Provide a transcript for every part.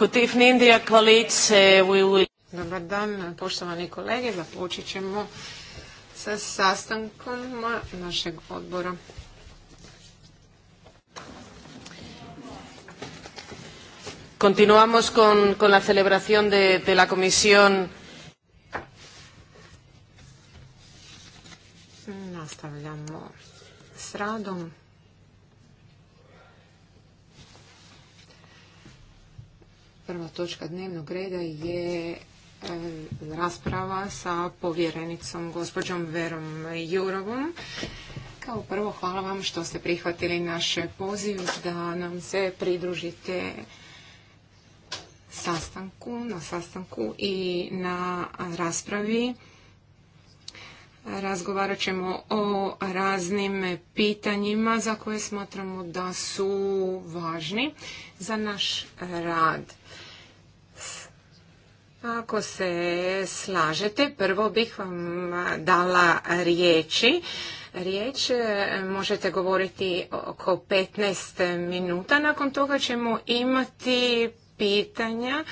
Good evening, dear uh, We will... Dobar dan, poštovani kolege. Započet ćemo sa sastankom našeg odbora. Continuamos con, con la celebración de, de la comisión. Nastavljamo s radom Prva točka dnevnog reda je e, rasprava sa povjerenicom gospođom Verom Jurovom. Kao prvo hvala vam što ste prihvatili naš poziv da nam se pridružite sastanku, na sastanku i na raspravi. Razgovarat ćemo o raznim pitanjima za koje smatramo da su važni za naš rad. Ako se slažete, prvo bih vam dala riječi. Riječ e, možete govoriti oko 15 minuta, nakon toga ćemo imati pitanja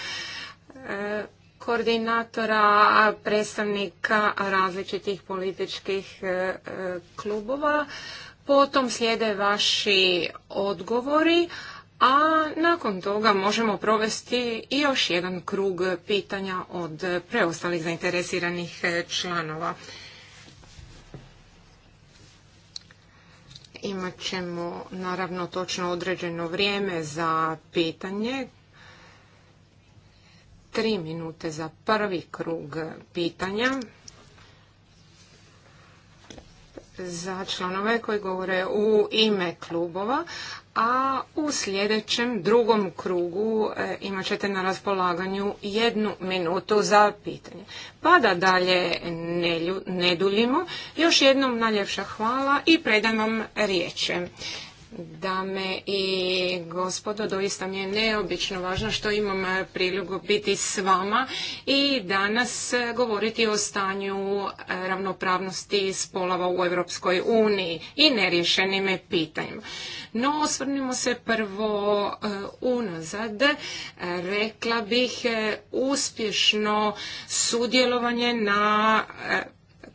e, koordinatora, predstavnika različitih političkih e, klubova. Potom slijede vaši odgovori, a nakon toga možemo provesti i još jedan krug pitanja od preostalih zainteresiranih e, članova. Imat ćemo naravno točno određeno vrijeme za pitanje. Tri minute za prvi krug pitanja. Za članove koji govore u ime klubova, a u sljedećem drugom krugu e, imat ćete na raspolaganju jednu minutu za pitanje. Pa da dalje ne duljimo, još jednom najljepša hvala i predanom riječ. Dame i gospodo, doista mi je neobično važno što imam priliku biti s vama i danas govoriti o stanju ravnopravnosti spolova u Europskoj uniji i neriješenim pitanjima. No, osvrnimo se prvo e, unazad. Rekla bih e, uspješno sudjelovanje na e,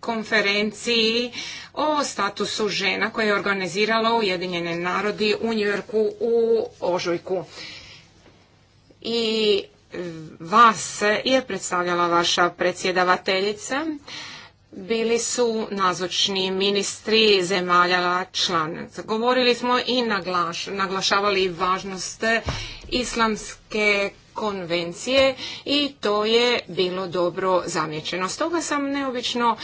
konferenciji o statusu žena koje je organiziralo Ujedinjene narodi u Njujorku u Ožujku. I vas je predstavljala vaša predsjedavateljica. Bili su nazočni ministri zemalja članica. Govorili smo i naglašavali važnost islamske konvencije i to je bilo dobro zamječeno. Stoga sam neobično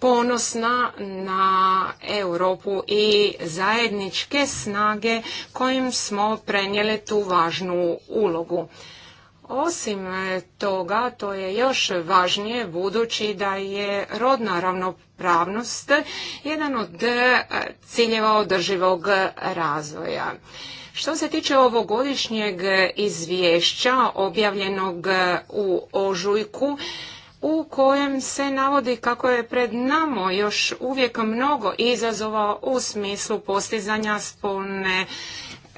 ponosna na Europu i zajedničke snage kojim smo prenijeli tu važnu ulogu. Osim toga, to je još važnije budući da je rodna ravnopravnost jedan od e, ciljeva održivog razvoja. Što se tiče ovogodišnjeg izvješća objavljenog u ožujku, u kojem se navodi kako je pred nama još uvijek mnogo izazova u smislu postizanja spolne,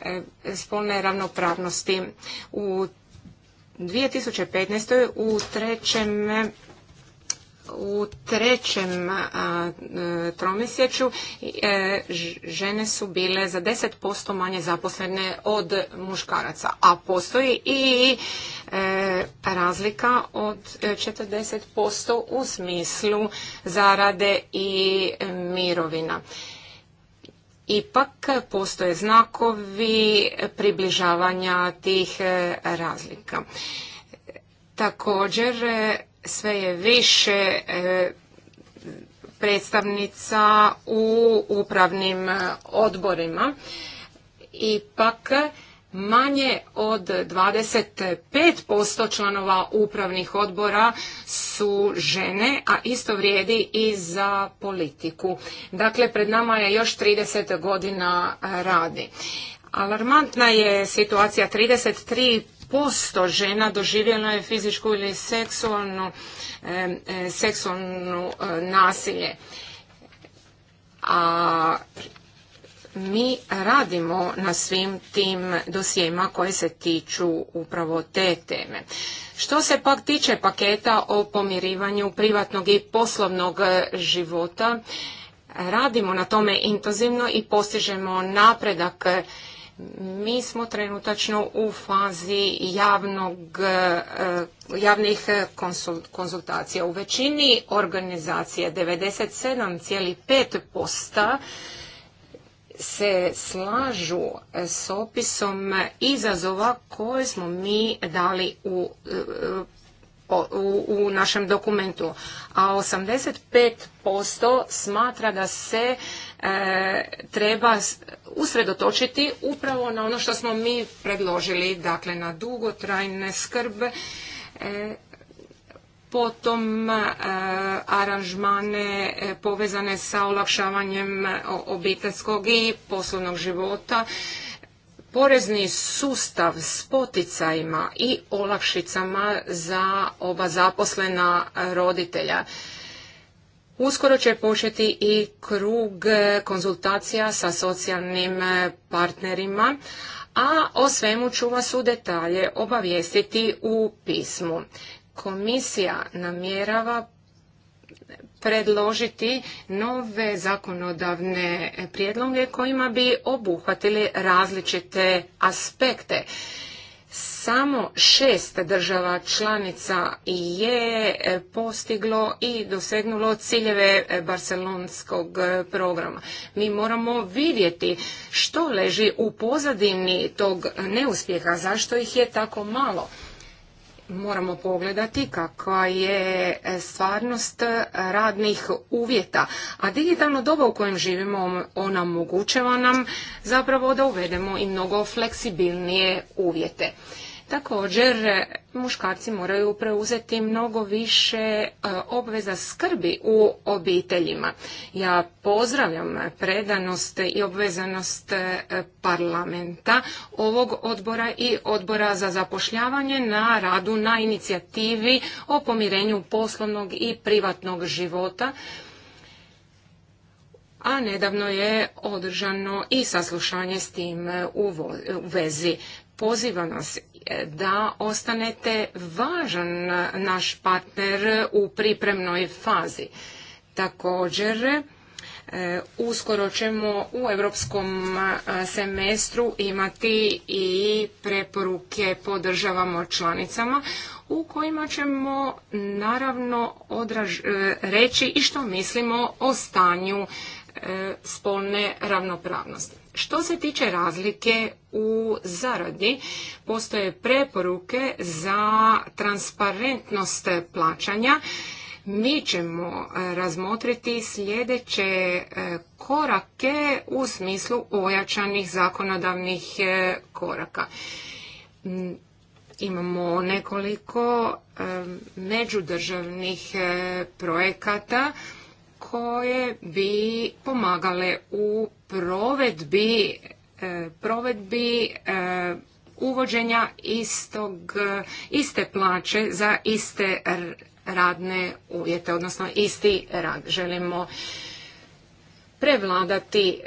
e, spolne ravnopravnosti. U 2015. u trećem u trećem tromjesečju e, žene su bile za 10% manje zaposlene od muškaraca, a postoji i e, razlika od 40% e, u smislu zarade i mirovina. Ipak postoje znakovi približavanja tih razlika. Također sve je više e, predstavnica u upravnim e, odborima. Ipak manje od 25% članova upravnih odbora su žene, a isto vrijedi i za politiku. Dakle, pred nama je još 30 godina radi. Alarmantna je situacija 33 Posto žena doživjelo je fizičku ili seksualnu, e, e, seksualnu e, nasilje. A mi radimo na svim tim dosijema koje se tiču upravo te teme. Što se pak tiče paketa o pomirivanju privatnog i poslovnog života, radimo na tome intenzivno i postižemo napredak mi smo trenutačno u fazi javnog, e, javnih konzultacija. U većini organizacije 97,5% se slažu s opisom izazova koje smo mi dali u, e, u, u našem dokumentu, a 85% smatra da se E, treba usredotočiti upravo na ono što smo mi predložili, dakle na dugotrajne skrbe, e, potom e, aranžmane e, povezane sa olakšavanjem obiteljskog i poslovnog života, porezni sustav s poticajima i olakšicama za oba zaposlena roditelja. Uskoro će početi i krug e, konzultacija sa socijalnim e, partnerima, a o svemu ću vas u detalje obavijestiti u pismu. Komisija namjerava predložiti nove zakonodavne prijedloge kojima bi obuhvatili različite aspekte samo šest država članica je e, postiglo i dosegnulo ciljeve e, barcelonskog e, programa. Mi moramo vidjeti što leži u pozadini tog neuspjeha, zašto ih je tako malo moramo pogledati kakva je stvarnost radnih uvjeta. A digitalno doba u kojem živimo ona omogućava nam zapravo da uvedemo i mnogo fleksibilnije uvjete. Također, e, muškarci moraju preuzeti mnogo više e, obveza skrbi u obiteljima. Ja pozdravljam predanost i obvezanost e, parlamenta, ovog odbora i odbora za zapošljavanje na radu na inicijativi o pomirenju poslovnog i privatnog života a nedavno je održano i saslušanje s tim u vezi. pozivam nas da ostanete važan naš partner u pripremnoj fazi. Također, e, uskoro ćemo u europskom semestru imati i preporuke po državama članicama u kojima ćemo naravno odraž, e, reći i što mislimo o stanju e, spolne ravnopravnosti. Što se tiče razlike u zaradi, postoje preporuke za transparentnost plaćanja. Mi ćemo e, razmotriti sljedeće e, korake u smislu ojačanih zakonodavnih e, koraka. Imamo nekoliko međudržavnih projekata koje bi pomagale u provedbi e, provedbi e, uvođenja istog, iste plaće za iste radne uvjete, odnosno isti rad. Želimo prevladati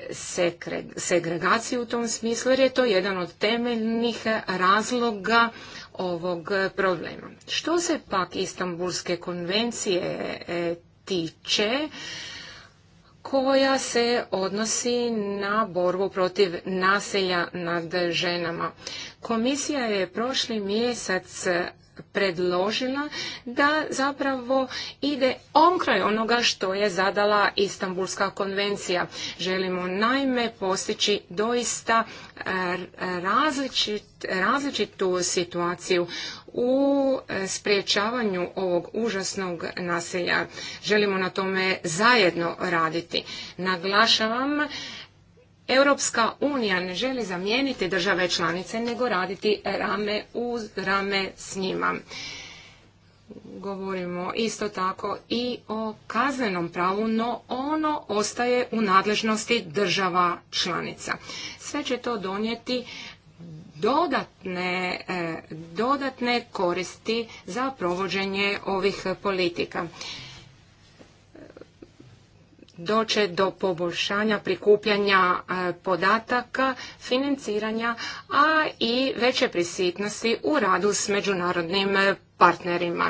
segregaciju u tom smislu jer je to jedan od temeljnih razloga ovog problema. Što se pak Istanbulske konvencije e, tiče koja se odnosi na borbu protiv nasilja nad ženama. Komisija je prošli mjesec predložila da zapravo ide omkraj onoga što je zadala Istanbulska konvencija. Želimo naime postići doista eh, različit, različitu situaciju u eh, sprječavanju ovog užasnog nasilja. Želimo na tome zajedno raditi. Naglašavam Europska unija ne želi zamijeniti države članice, nego raditi rame uz rame s njima. Govorimo isto tako i o kaznenom pravu, no ono ostaje u nadležnosti država članica. Sve će to donijeti dodatne, e, dodatne koristi za provođenje ovih politika doće do poboljšanja prikupljanja e, podataka, financiranja, a i veće prisitnosti u radu s međunarodnim e, partnerima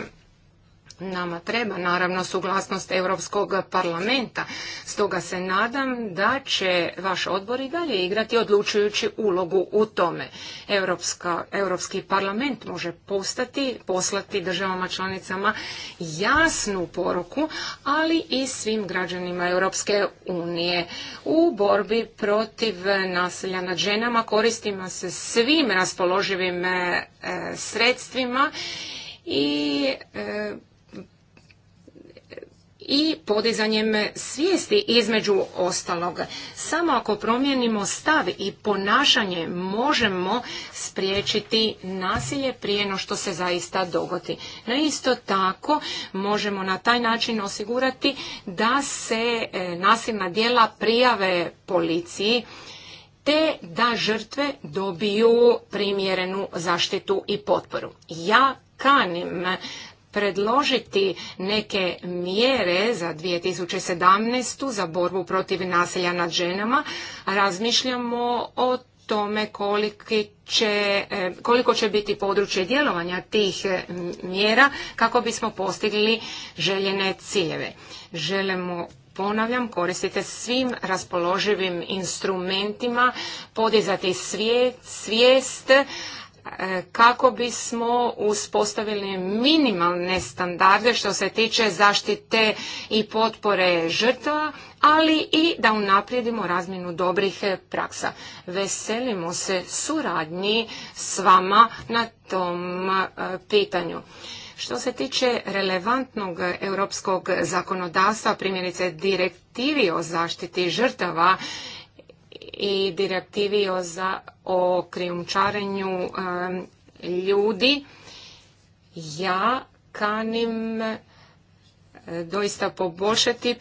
nama treba naravno suglasnost Europskog parlamenta. Stoga se nadam da će vaš odbor i dalje igrati odlučujući ulogu u tome. Europska, Europski parlament može postati, poslati državama članicama jasnu poruku, ali i svim građanima Europske unije. U borbi protiv nasilja nad ženama koristimo se svim raspoloživim e, sredstvima i e, i podizanjem svijesti između ostalog. Samo ako promijenimo stav i ponašanje možemo spriječiti nasilje prije no što se zaista dogodi. Na isto tako možemo na taj način osigurati da se e, nasilna djela prijave policiji te da žrtve dobiju primjerenu zaštitu i potporu. Ja kanim predložiti neke mjere za 2017. za borbu protiv nasilja nad ženama. Razmišljamo o tome će, e, koliko će biti područje djelovanja tih e, mjera kako bismo postigli željene ciljeve. Želimo Ponavljam, koristite svim raspoloživim instrumentima, podizati svijest, E, kako bismo uspostavili minimalne standarde što se tiče zaštite i potpore žrtva, ali i da unaprijedimo razmjenu dobrih praksa. Veselimo se suradnji s vama na tom e, pitanju. Što se tiče relevantnog europskog zakonodavstva, primjerice direktivi o zaštiti žrtava i direktivi o, za, o krijumčarenju ljudi, ja kanim e, doista poboljšati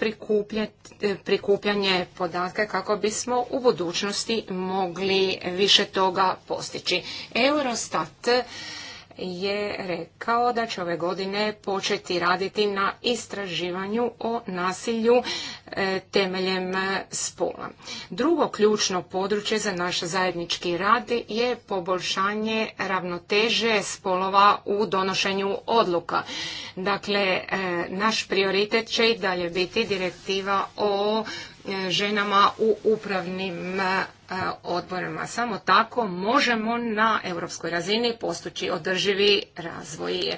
e, prikupljanje podatke kako bismo u budućnosti mogli više toga postići. Eurostat je rekao da će ove godine početi raditi na istraživanju o nasilju e, temeljem e, spola. Drugo ključno područje za naš zajednički rad je poboljšanje ravnoteže spolova u donošenju odluka. Dakle, e, naš prioritet će i dalje biti direktiva o E, ženama u upravnim e, odborima. Samo tako možemo na europskoj razini postući održivi razvoj.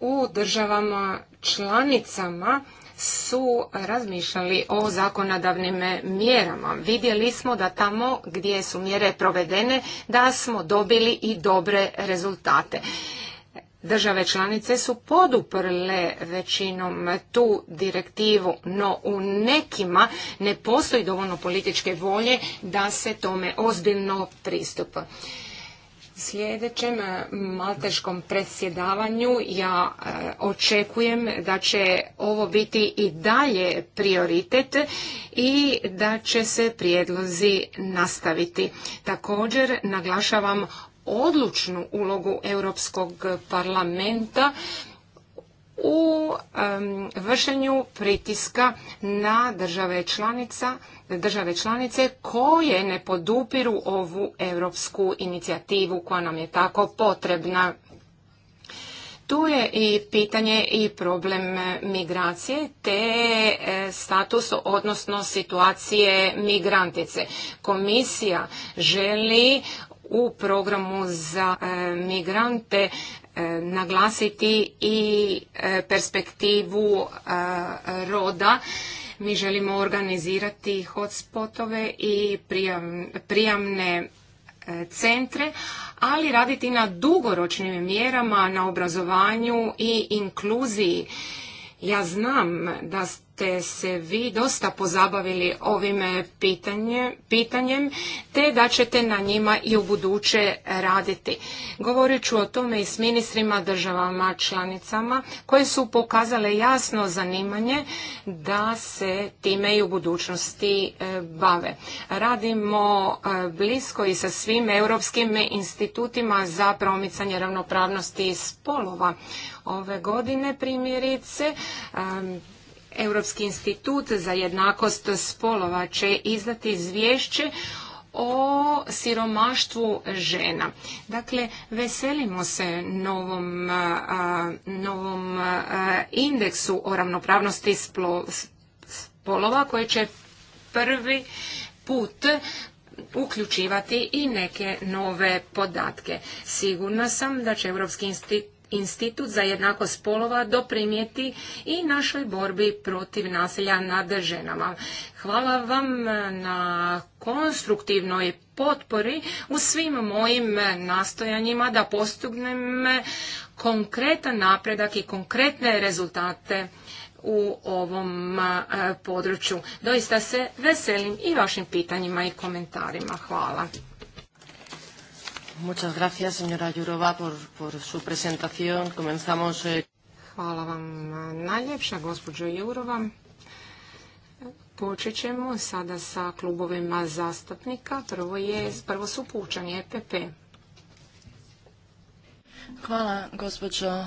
U državama članicama su razmišljali o zakonodavnim mjerama. Vidjeli smo da tamo gdje su mjere provedene da smo dobili i dobre rezultate države članice su poduprle većinom tu direktivu, no u nekima ne postoji dovoljno političke volje da se tome ozbiljno pristupa. Sljedećem e, malteškom predsjedavanju ja e, očekujem da će ovo biti i dalje prioritet i da će se prijedlozi nastaviti. Također naglašavam odlučnu ulogu Europskog parlamenta u vršenju pritiska na države članica države članice koje ne podupiru ovu europsku inicijativu koja nam je tako potrebna. Tu je i pitanje i problem migracije te e, status, odnosno situacije migrantice. Komisija želi u programu za e, migrante e, naglasiti i e, perspektivu roda. Mi želimo organizirati hotspotove i prijamne centre, ali raditi na dugoročnim mjerama, na obrazovanju i inkluziji. Ja znam da ste... Te se vi dosta pozabavili ovim eh, pitanjem, te da ćete na njima i u buduće raditi. Govorit ću o tome i s ministrima državama članicama koje su pokazale jasno zanimanje da se time i u budućnosti eh, bave. Radimo eh, blisko i sa svim europskim institutima za promicanje ravnopravnosti spolova ove godine primjerice Europski institut za jednakost spolova će izdati izvješće o siromaštvu žena. Dakle, veselimo se novom, novom indeksu o ravnopravnosti spolova koji će prvi put uključivati i neke nove podatke. Sigurna sam da će Europski institut institut za jednakost spolova doprinijeti i našoj borbi protiv nasilja nad ženama. Hvala vam na konstruktivnoj potpori u svim mojim nastojanjima da postignem konkretan napredak i konkretne rezultate u ovom području. Doista se veselim i vašim pitanjima i komentarima. Hvala. Muchas gracias, señora Jurova, por, por su presentación. Comenzamos... Eh... Hvala vam eh, najljepša, gospođo Jurova. Počet ćemo sada sa klubovima zastupnika. Prvo, je, prvo su pučani EPP. Hvala, gospođo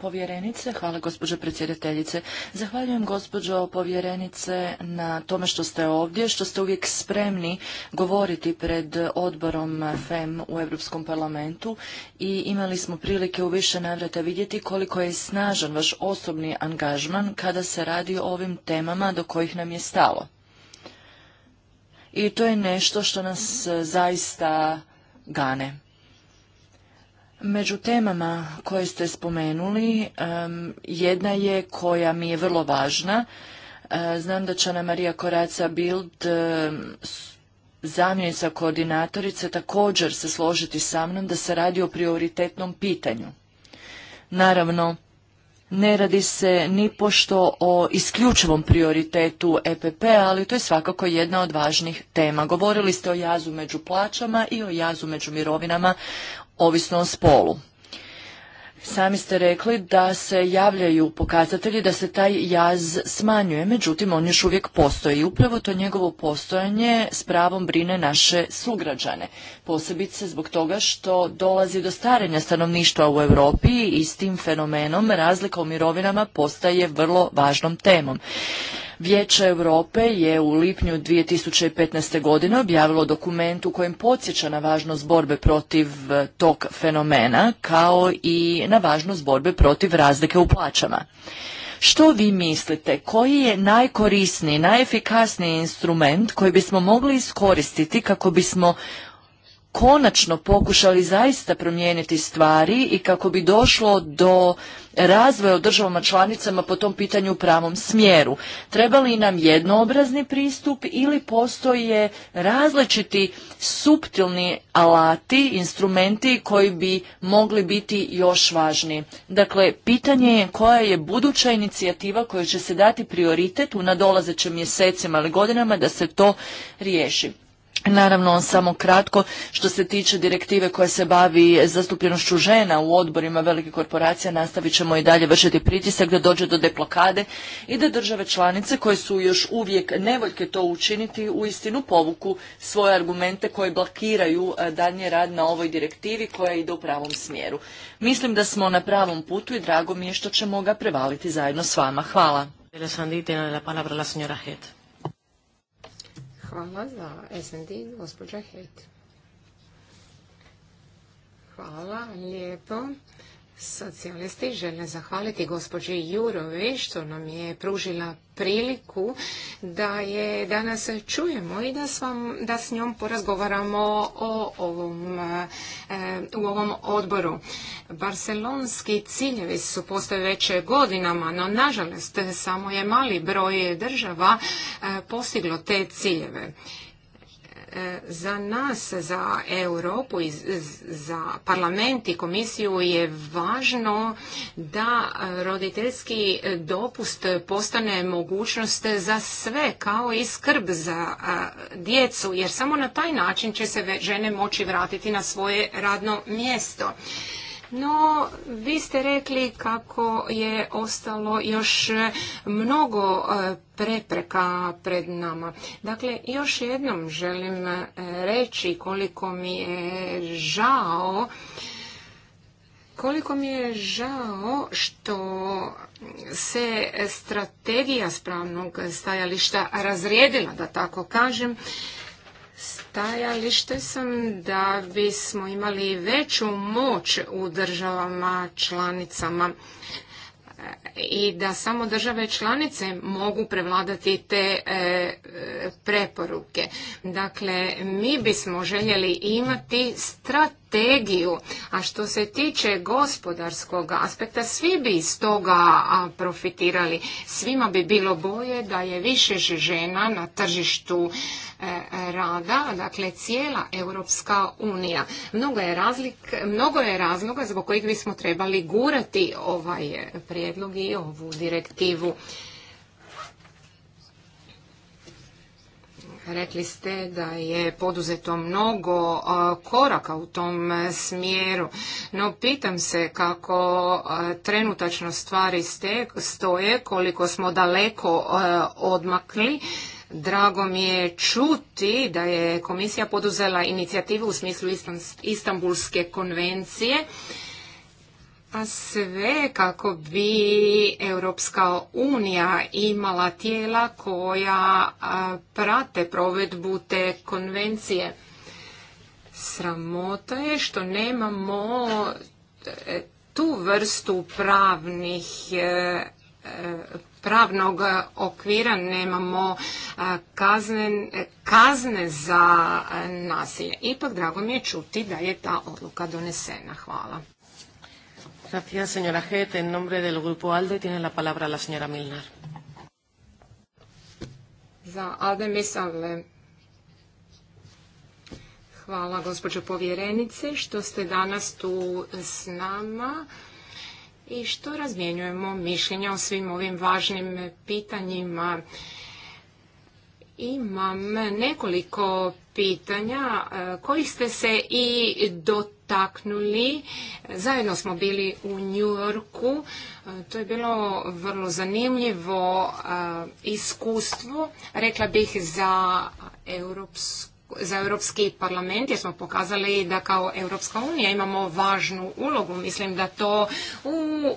povjerenice. Hvala gospođo predsjedateljice. Zahvaljujem gospođo povjerenice na tome što ste ovdje, što ste uvijek spremni govoriti pred odborom FEM u Europskom parlamentu i imali smo prilike u više navrata vidjeti koliko je snažan vaš osobni angažman kada se radi o ovim temama do kojih nam je stalo. I to je nešto što nas e, zaista gane. Među temama koje ste spomenuli, jedna je koja mi je vrlo važna. E, znam da će Ana Marija Koraca Bild e, zamjenica koordinatorice također se složiti sa mnom da se radi o prioritetnom pitanju. Naravno, ne radi se ni pošto o isključivom prioritetu EPP, ali to je svakako jedna od važnih tema. Govorili ste o jazu među plaćama i o jazu među mirovinama ovisno o spolu. Sami ste rekli da se javljaju pokazatelji da se taj jaz smanjuje, međutim on još uvijek postoji i upravo to njegovo postojanje s pravom brine naše sugrađane. Posebice zbog toga što dolazi do starenja stanovništva u Europi i s tim fenomenom razlika u mirovinama postaje vrlo važnom temom. Vijeće Europe je u lipnju 2015. godine objavilo dokument u kojem podsjeća na važnost borbe protiv e, tog fenomena kao i na važnost borbe protiv razlike u plaćama. Što vi mislite, koji je najkorisniji, najefikasniji instrument koji bismo mogli iskoristiti kako bismo konačno pokušali zaista promijeniti stvari i kako bi došlo do razvoja u državama članicama po tom pitanju u pravom smjeru. Treba li nam jednoobrazni pristup ili postoje različiti suptilni alati, instrumenti koji bi mogli biti još važniji. Dakle, pitanje je koja je buduća inicijativa koja će se dati prioritet u nadolazećim mjesecima ili godinama da se to riješi. Naravno, samo kratko, što se tiče direktive koja se bavi zastupljenošću žena u odborima velike korporacija, nastavit ćemo i dalje vršiti pritisak da dođe do deplokade i da države članice koje su još uvijek nevoljke to učiniti u istinu povuku svoje argumente koje blokiraju e, danje rad na ovoj direktivi koja ide u pravom smjeru. Mislim da smo na pravom putu i drago mi je što ćemo ga prevaliti zajedno s vama. Hvala. Hvala za SND, gospođa Hejt. Hvala, lijepo. Socijalisti žele zahvaliti gospođi Jurovi što nam je pružila priliku da je danas čujemo i da s, da s njom porazgovaramo o ovom, e, u ovom odboru. Barcelonski ciljevi su postoje već godinama, no nažalost samo je mali broj država e, postiglo te ciljeve. E, za nas, za Europu i za parlament i komisiju je važno da roditeljski dopust postane mogućnost za sve, kao i skrb za e, djecu, jer samo na taj način će se žene moći vratiti na svoje radno mjesto. No, vi ste rekli kako je ostalo još mnogo e, prepreka pred nama. Dakle, još jednom želim e, reći koliko mi je žao koliko mi je žao što se strategija spravnog stajališta razrijedila, da tako kažem, stajalište sam da bismo imali veću moć u državama članicama e, i da samo države članice mogu prevladati te e, preporuke. Dakle, mi bismo željeli imati strategiju strategiju. A što se tiče gospodarskog aspekta, svi bi iz toga profitirali. Svima bi bilo boje da je više žena na tržištu e, rada, dakle cijela Europska unija. Mnogo je, razlik, mnogo je razloga zbog kojih bismo trebali gurati ovaj prijedlog i ovu direktivu. Rekli ste da je poduzeto mnogo koraka u tom e, smjeru, no pitam se kako trenutačno stvari stoje, koliko smo daleko odmakli. Drago mi je čuti da je komisija poduzela inicijativu u smislu Istanbulske konvencije a sve kako bi Europska unija imala tijela koja prate provedbu te konvencije. Sramota je što nemamo e, tu vrstu pravnih e, pravnog okvira nemamo kazne, kazne za nasilje. Ipak drago mi je čuti da je ta odluka donesena. Hvala. Gracias, señora Head. En nombre del Grupo ALDE tiene la palabra la señora Milnar. Za ALDE Misalve. Hvala gospođo povjerenice što ste danas tu s nama i što razmjenjujemo mišljenja o svim ovim važnim pitanjima. Imam nekoliko pitanja e, kojih ste se i dotaknuli. Zajedno smo bili u New Yorku. E, to je bilo vrlo zanimljivo e, iskustvo, rekla bih, za europsku za Europski parlament jer smo pokazali da kao Europska unija imamo važnu ulogu. Mislim da to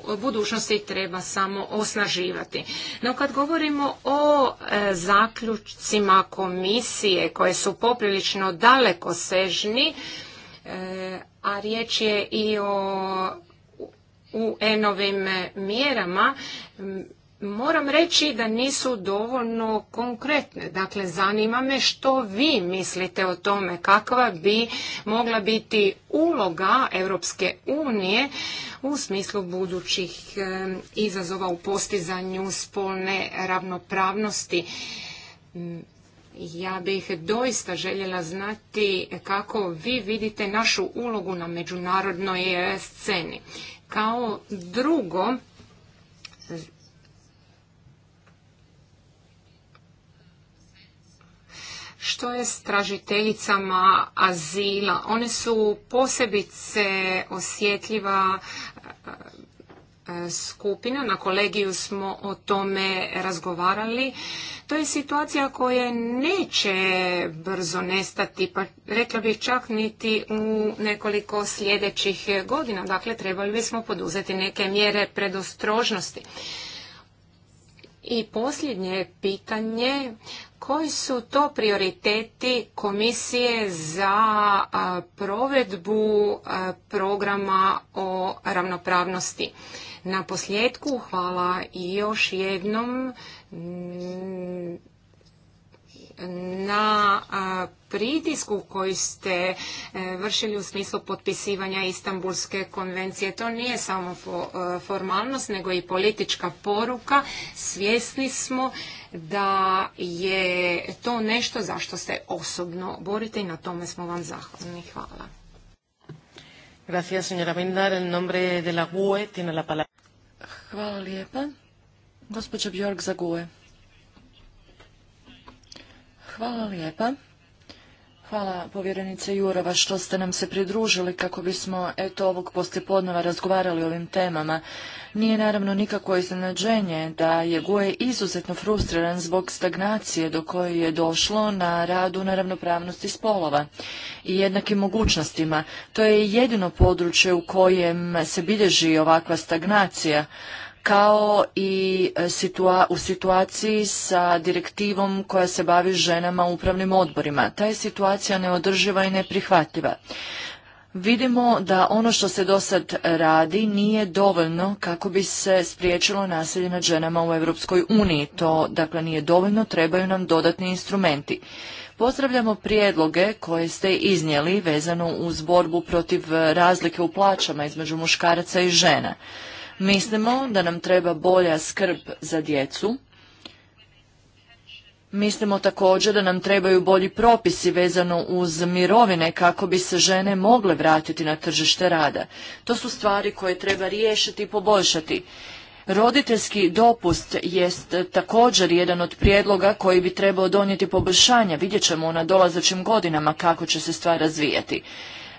u budućnosti treba samo osnaživati. No kad govorimo o e, zaključcima komisije koje su poprilično daleko sežni, e, a riječ je i o UN-ovim mjerama, moram reći da nisu dovoljno konkretne. Dakle, zanima me što vi mislite o tome kakva bi mogla biti uloga Europske unije u smislu budućih izazova u postizanju spolne ravnopravnosti. Ja bih doista željela znati kako vi vidite našu ulogu na međunarodnoj e, sceni. Kao drugo, što je s tražiteljicama azila. One su posebice osjetljiva eh, skupina, na kolegiju smo o tome razgovarali. To je situacija koja neće brzo nestati, pa rekla bih čak niti u nekoliko sljedećih godina. Dakle, trebali bismo poduzeti neke mjere predostrožnosti. I posljednje pitanje koji su to prioriteti komisije za provedbu programa o ravnopravnosti? Na posljedku hvala i još jednom na pritisku koji ste e, vršili u smislu potpisivanja Istanbulske konvencije. To nije samo e, formalnost, nego i politička poruka. Svjesni smo da je to nešto za što se osobno borite i na tome smo vam zahvalni. Hvala. Hvala lijepa. Gospođa Bjork za GUE. Hvala lijepa. Hvala povjerenice Jurova što ste nam se pridružili kako bismo eto ovog poslijepodneva razgovarali o ovim temama. Nije naravno nikako iznenađenje da je Goje izuzetno frustriran zbog stagnacije do koje je došlo na radu na ravnopravnosti spolova i jednakim mogućnostima. To je jedino područje u kojem se bilježi ovakva stagnacija, kao i e, u situaciji sa direktivom koja se bavi ženama u upravnim odborima. Ta je situacija neodrživa i neprihvatljiva. Vidimo da ono što se do sad radi nije dovoljno kako bi se spriječilo nasilje nad ženama u Europskoj uniji. To dakle nije dovoljno, trebaju nam dodatni instrumenti. Pozdravljamo prijedloge koje ste iznijeli vezano uz borbu protiv razlike u plaćama između muškaraca i žena. Mislimo da nam treba bolja skrb za djecu. Mislimo također da nam trebaju bolji propisi vezano uz mirovine kako bi se žene mogle vratiti na tržište rada. To su stvari koje treba riješiti i poboljšati. Roditeljski dopust jest također jedan od prijedloga koji bi trebao donijeti poboljšanja. Vidjet ćemo na dolazećim godinama kako će se stvar razvijati.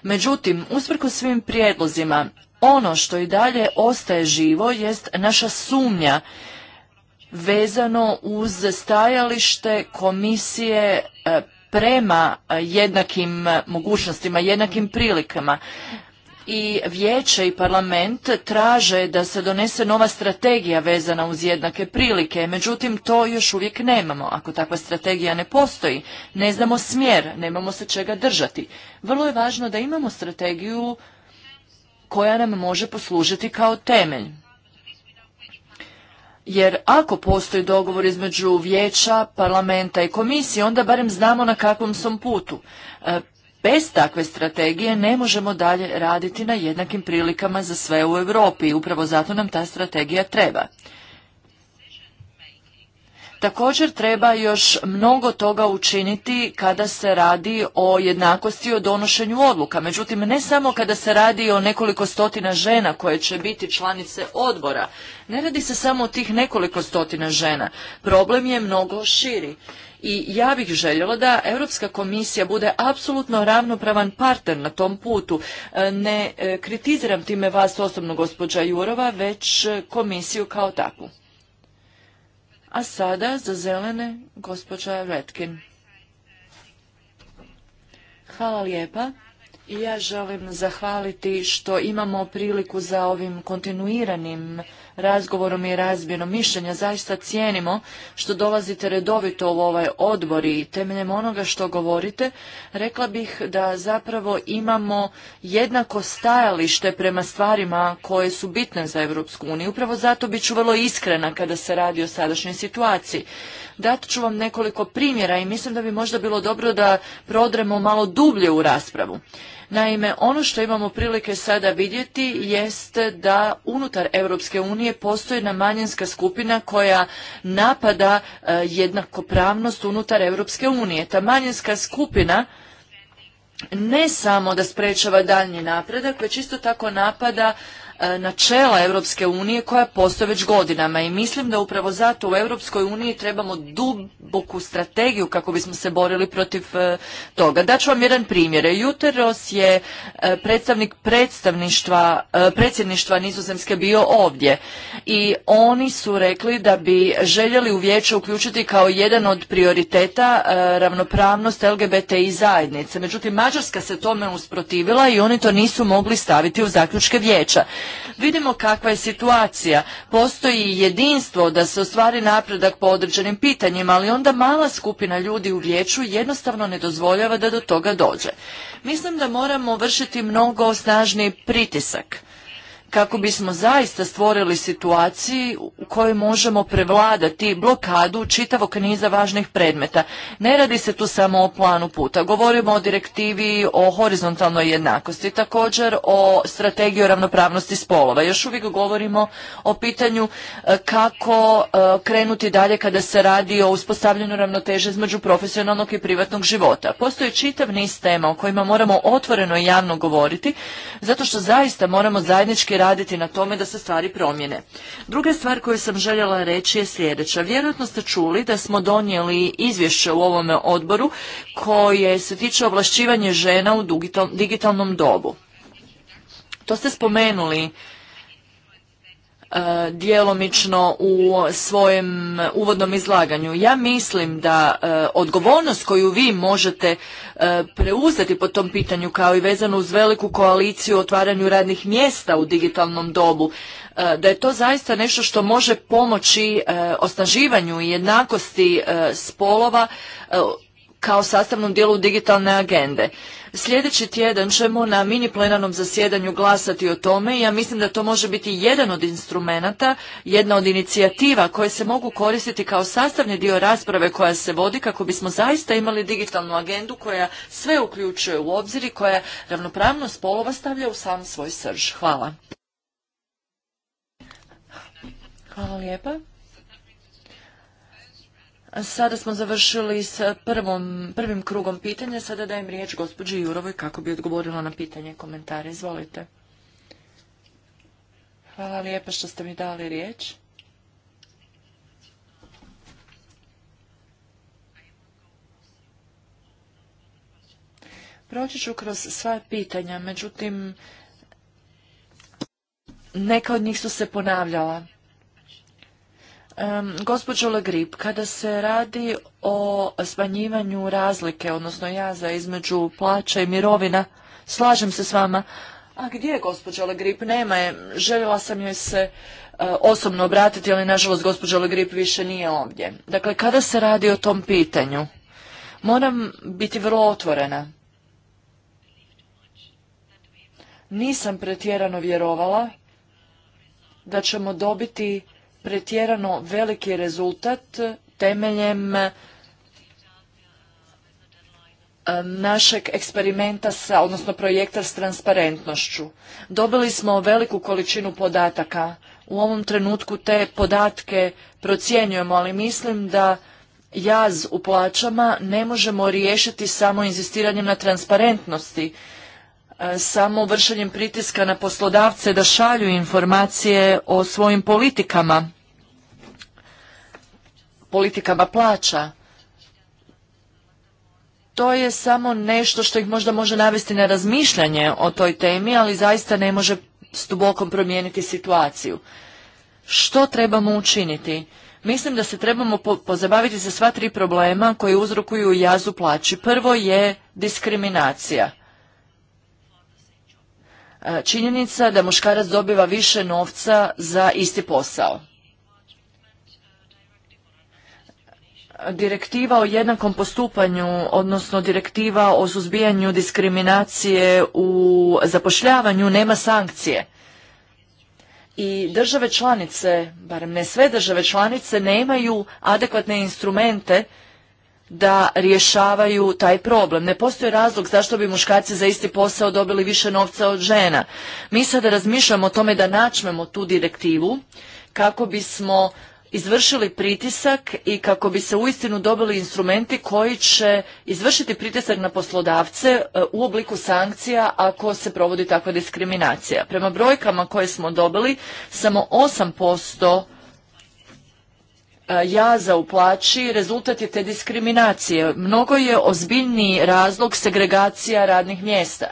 Međutim, usprko svim prijedlozima ono što i dalje ostaje živo jest naša sumnja vezano uz stajalište komisije e, prema jednakim mogućnostima, jednakim prilikama. I vijeće i parlament traže da se donese nova strategija vezana uz jednake prilike, međutim to još uvijek nemamo. Ako takva strategija ne postoji, ne znamo smjer, nemamo se čega držati. Vrlo je važno da imamo strategiju koja nam može poslužiti kao temelj. Jer ako postoji dogovor između vijeća, parlamenta i komisije, onda barem znamo na kakvom sam putu. E, bez takve strategije ne možemo dalje raditi na jednakim prilikama za sve u Europi. Upravo zato nam ta strategija treba. Također treba još mnogo toga učiniti kada se radi o jednakosti i o donošenju odluka. Međutim, ne samo kada se radi o nekoliko stotina žena koje će biti članice odbora. Ne radi se samo o tih nekoliko stotina žena. Problem je mnogo širi. I ja bih željela da Europska komisija bude apsolutno ravnopravan partner na tom putu. E, ne e, kritiziram time vas osobno, gospođa Jurova, već e, komisiju kao takvu. A sada za zelene gospođa Redkin. Hvala lijepa. Ja želim zahvaliti što imamo priliku za ovim kontinuiranim razgovorom i razbijenom mišljenja zaista cijenimo što dolazite redovito u ovaj odbor i temeljem onoga što govorite rekla bih da zapravo imamo jednako stajalište prema stvarima koje su bitne za Europsku uniju. Upravo zato bit ću vrlo iskrena kada se radi o sadašnjoj situaciji. Dat ću vam nekoliko primjera i mislim da bi možda bilo dobro da prodremo malo dublje u raspravu. Naime, ono što imamo prilike sada vidjeti jest da unutar Europske unije postoji na manjinska skupina koja napada e, jednakopravnost unutar Europske unije. Ta manjinska skupina ne samo da sprečava daljnji napredak, već isto tako napada E, načela Europske unije koja postoje već godinama i mislim da upravo zato u Europskoj uniji trebamo duboku strategiju kako bismo se borili protiv e, toga. Daću vam jedan primjer. Juteros je e, predstavnik predstavništva, predsjedništva Nizozemske bio ovdje i oni su rekli da bi željeli u vijeće uključiti kao jedan od prioriteta ravnopravnost LGBTI zajednice. Međutim, Mađarska se tome usprotivila i oni to nisu mogli staviti u zaključke vijeća. Vidimo kakva je situacija. Postoji jedinstvo da se ostvari napredak po određenim pitanjima, ali onda mala skupina ljudi u vijeću jednostavno ne dozvoljava da do toga dođe. Mislim da moramo vršiti mnogo snažni pritisak kako bismo zaista stvorili situaciju u kojoj možemo prevladati blokadu čitavog niza važnih predmeta. Ne radi se tu samo o planu puta. Govorimo o direktivi o horizontalnoj jednakosti, također o strategiji o ravnopravnosti spolova. Još uvijek govorimo o pitanju e, kako e, krenuti dalje kada se radi o uspostavljanju ravnoteže između profesionalnog i privatnog života. Postoji čitav niz tema o kojima moramo otvoreno i javno govoriti, zato što zaista moramo zajednički raditi na tome da se stvari promjene. Druga stvar koju sam željela reći je sljedeća. Vjerojatno ste čuli da smo donijeli izvješće u ovome odboru koje se tiče ovlašćivanje žena u digitalnom dobu. To ste spomenuli E, djelomično u svojem uvodnom izlaganju. Ja mislim da e, odgovornost koju vi možete e, preuzeti po tom pitanju kao i vezanu uz veliku koaliciju o otvaranju radnih mjesta u digitalnom dobu, da je to zaista nešto što može pomoći osnaživanju i jednakosti spolova kao sastavnom dijelu digitalne agende. Sljedeći tjedan ćemo na mini plenarnom zasjedanju glasati o tome i ja mislim da to može biti jedan od instrumenata, jedna od inicijativa koje se mogu koristiti kao sastavni dio rasprave koja se vodi kako bismo zaista imali digitalnu agendu koja sve uključuje u obzir i koja ravnopravnost spolova stavlja u sam svoj srž. Hvala. Hvala lijepa. Sada smo završili s prvim krugom pitanja. Sada dajem riječ gospođi Jurovoj kako bi odgovorila na pitanje i komentare. Izvolite. Hvala lijepa što ste mi dali riječ. Proći ću kroz sva pitanja, međutim, neka od njih su se ponavljala. Um, gospođo Legrip, kada se radi o smanjivanju razlike, odnosno jaza između plaća i mirovina, slažem se s vama. A gdje je gospođa Legrip? Nema je. Željela sam joj se e, osobno obratiti, ali nažalost gospođa Legrip više nije ovdje. Dakle, kada se radi o tom pitanju, moram biti vrlo otvorena. Nisam pretjerano vjerovala da ćemo dobiti pretjerano veliki rezultat temeljem e, našeg eksperimenta odnosno projekta s transparentnošću. Dobili smo veliku količinu podataka. U ovom trenutku te podatke procjenjujemo, ali mislim da jaz u plaćama ne možemo riješiti samo inzistiranjem na transparentnosti, e, samo vršenjem pritiska na poslodavce da šalju informacije o svojim politikama politikama plaća, to je samo nešto što ih možda može navesti na razmišljanje o toj temi, ali zaista ne može s promijeniti situaciju. Što trebamo učiniti? Mislim da se trebamo pozabaviti sa sva tri problema koji uzrokuju jazu plaći. Prvo je diskriminacija. E, činjenica da muškarac dobiva više novca za isti posao. Direktiva o jednakom postupanju, odnosno direktiva o suzbijanju diskriminacije u zapošljavanju nema sankcije. I države članice, barem ne sve države članice, nemaju adekvatne instrumente da rješavaju taj problem. Ne postoji razlog zašto bi muškarci za isti posao dobili više novca od žena. Mi sada razmišljamo o tome da načmemo tu direktivu kako bismo izvršili pritisak i kako bi se uistinu dobili instrumenti koji će izvršiti pritisak na poslodavce e, u obliku sankcija ako se provodi takva diskriminacija. Prema brojkama koje smo dobili, samo 8% e, jaza u plaći rezultat je te diskriminacije. Mnogo je ozbiljniji razlog segregacija radnih mjesta.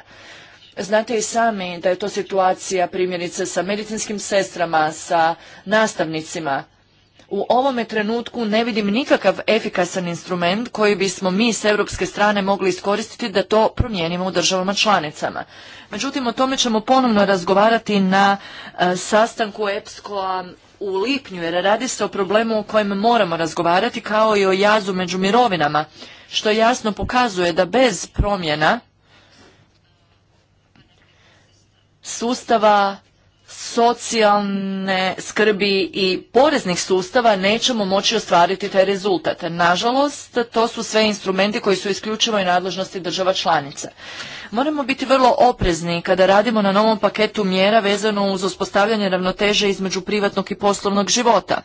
Znate i sami da je to situacija primjerice sa medicinskim sestrama, sa nastavnicima u ovome trenutku ne vidim nikakav efikasan instrument koji bismo mi s europske strane mogli iskoristiti da to promijenimo u državama članicama. Međutim, o tome ćemo ponovno razgovarati na e, sastanku EPSCO-a u lipnju, jer radi se o problemu o kojem moramo razgovarati, kao i o jazu među mirovinama, što jasno pokazuje da bez promjena sustava socijalne skrbi i poreznih sustava nećemo moći ostvariti taj rezultat. Nažalost, to su sve instrumenti koji su isključivo i nadležnosti država članica. Moramo biti vrlo oprezni kada radimo na novom paketu mjera vezano uz uspostavljanje ravnoteže između privatnog i poslovnog života.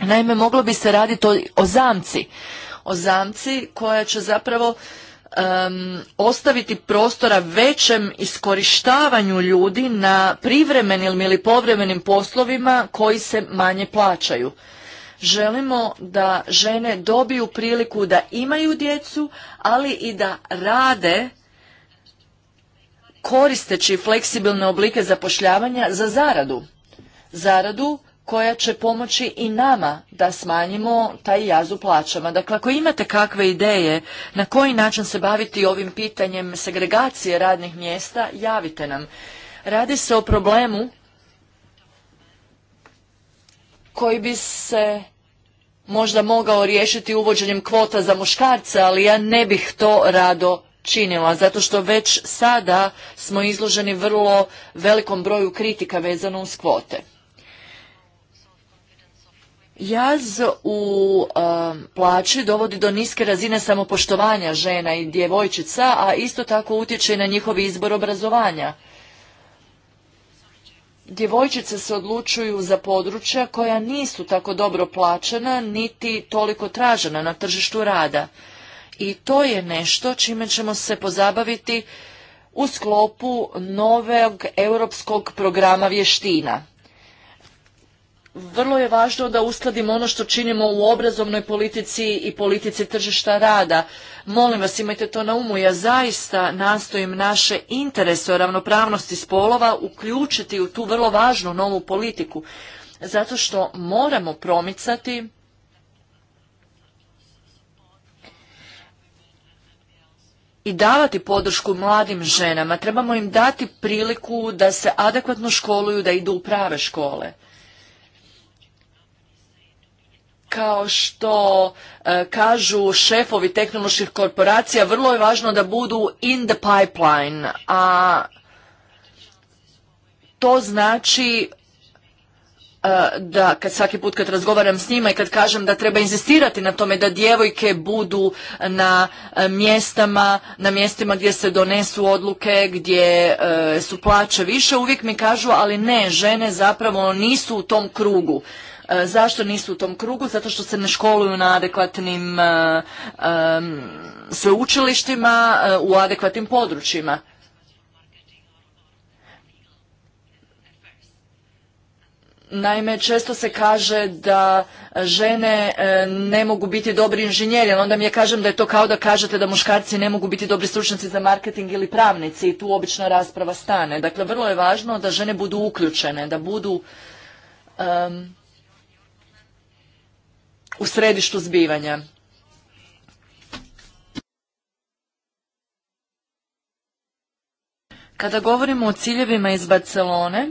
Naime, moglo bi se raditi o zamci. O zamci koja će zapravo um, ostaviti prostora većem iskorištavanju ljudi na privremenim ili povremenim poslovima koji se manje plaćaju. Želimo da žene dobiju priliku da imaju djecu, ali i da rade koristeći fleksibilne oblike zapošljavanja za zaradu. Zaradu koja će pomoći i nama da smanjimo taj jaz u plaćama. Dakle, ako imate kakve ideje na koji način se baviti ovim pitanjem segregacije radnih mjesta, javite nam. Radi se o problemu koji bi se možda mogao riješiti uvođenjem kvota za muškarce, ali ja ne bih to rado činila, zato što već sada smo izloženi vrlo velikom broju kritika vezano uz kvote. Jaz u um, plaći dovodi do niske razine samopoštovanja žena i djevojčica, a isto tako utječe i na njihovi izbor obrazovanja. Djevojčice se odlučuju za područja koja nisu tako dobro plaćena niti toliko tražena na tržištu rada. I to je nešto čime ćemo se pozabaviti u sklopu novog europskog programa vještina vrlo je važno da uskladimo ono što činimo u obrazovnoj politici i politici tržišta rada. Molim vas, imajte to na umu. Ja zaista nastojim naše interese o ravnopravnosti spolova uključiti u tu vrlo važnu novu politiku. Zato što moramo promicati i davati podršku mladim ženama. Trebamo im dati priliku da se adekvatno školuju, da idu u prave škole. kao što e, kažu šefovi tehnoloških korporacija, vrlo je važno da budu in the pipeline, a to znači e, da kad svaki put kad razgovaram s njima i kad kažem da treba inzistirati na tome da djevojke budu na e, mjestama, na mjestima gdje se donesu odluke, gdje su plaće više, uvijek mi kažu ali ne, žene zapravo nisu u tom krugu. E, zašto nisu u tom krugu? Zato što se ne školuju na adekvatnim e, sveučilištima e, u adekvatnim područjima. Naime, često se kaže da žene ne mogu biti dobri inženjeri, ali onda mi je kažem da je to kao da kažete da muškarci ne mogu biti dobri stručnjaci za marketing ili pravnici i tu obična rasprava stane. Dakle, vrlo je važno da žene budu uključene, da budu u središtu zbivanja. Kada govorimo o ciljevima iz Barcelone,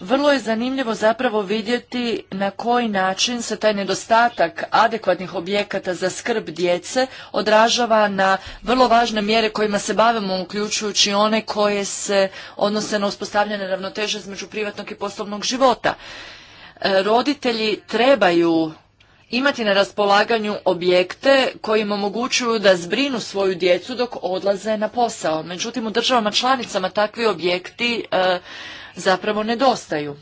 vrlo je zanimljivo zapravo vidjeti na koji način se taj nedostatak adekvatnih objekata za skrb djece odražava na vrlo važne mjere kojima se bavimo, uključujući one koje se odnose na uspostavljanje ravnoteže između privatnog i poslovnog života. E, roditelji trebaju imati na raspolaganju objekte koji im omogućuju da zbrinu svoju djecu dok odlaze na posao. Međutim, u državama članicama takvi objekti e, zapravo nedostaju.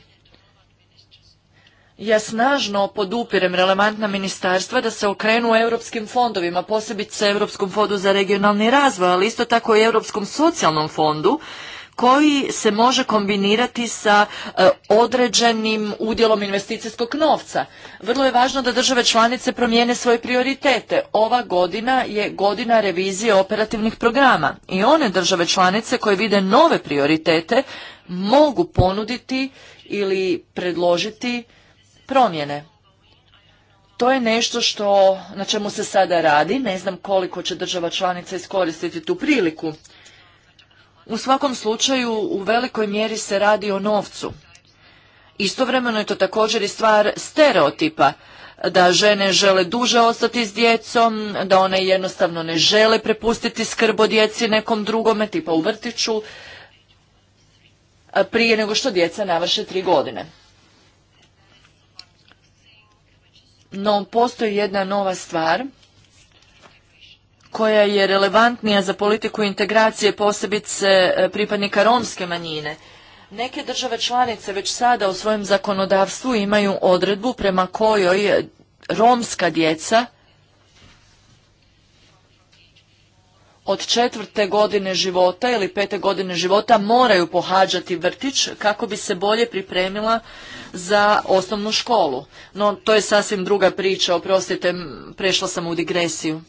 Ja snažno podupirem relevantna ministarstva da se okrenu europskim fondovima, posebice Europskom fondu za regionalni razvoj, ali isto tako i Europskom socijalnom fondu, koji se može kombinirati sa e, određenim udjelom investicijskog novca. Vrlo je važno da države članice promijene svoje prioritete. Ova godina je godina revizije operativnih programa i one države članice koje vide nove prioritete mogu ponuditi ili predložiti promjene. To je nešto što, na čemu se sada radi, ne znam koliko će država članica iskoristiti tu priliku. U svakom slučaju u velikoj mjeri se radi o novcu. Istovremeno je to također i stvar stereotipa da žene žele duže ostati s djecom, da one jednostavno ne žele prepustiti skrb o djeci nekom drugome, tipa u vrtiću, prije nego što djeca navrše tri godine. No, postoji jedna nova stvar – koja je relevantnija za politiku integracije posebice e, pripadnika romske manjine. Neke države članice već sada u svojem zakonodavstvu imaju odredbu prema kojoj romska djeca od četvrte godine života ili pete godine života moraju pohađati vrtić kako bi se bolje pripremila za osnovnu školu. No, to je sasvim druga priča, oprostite, prešla sam u digresiju.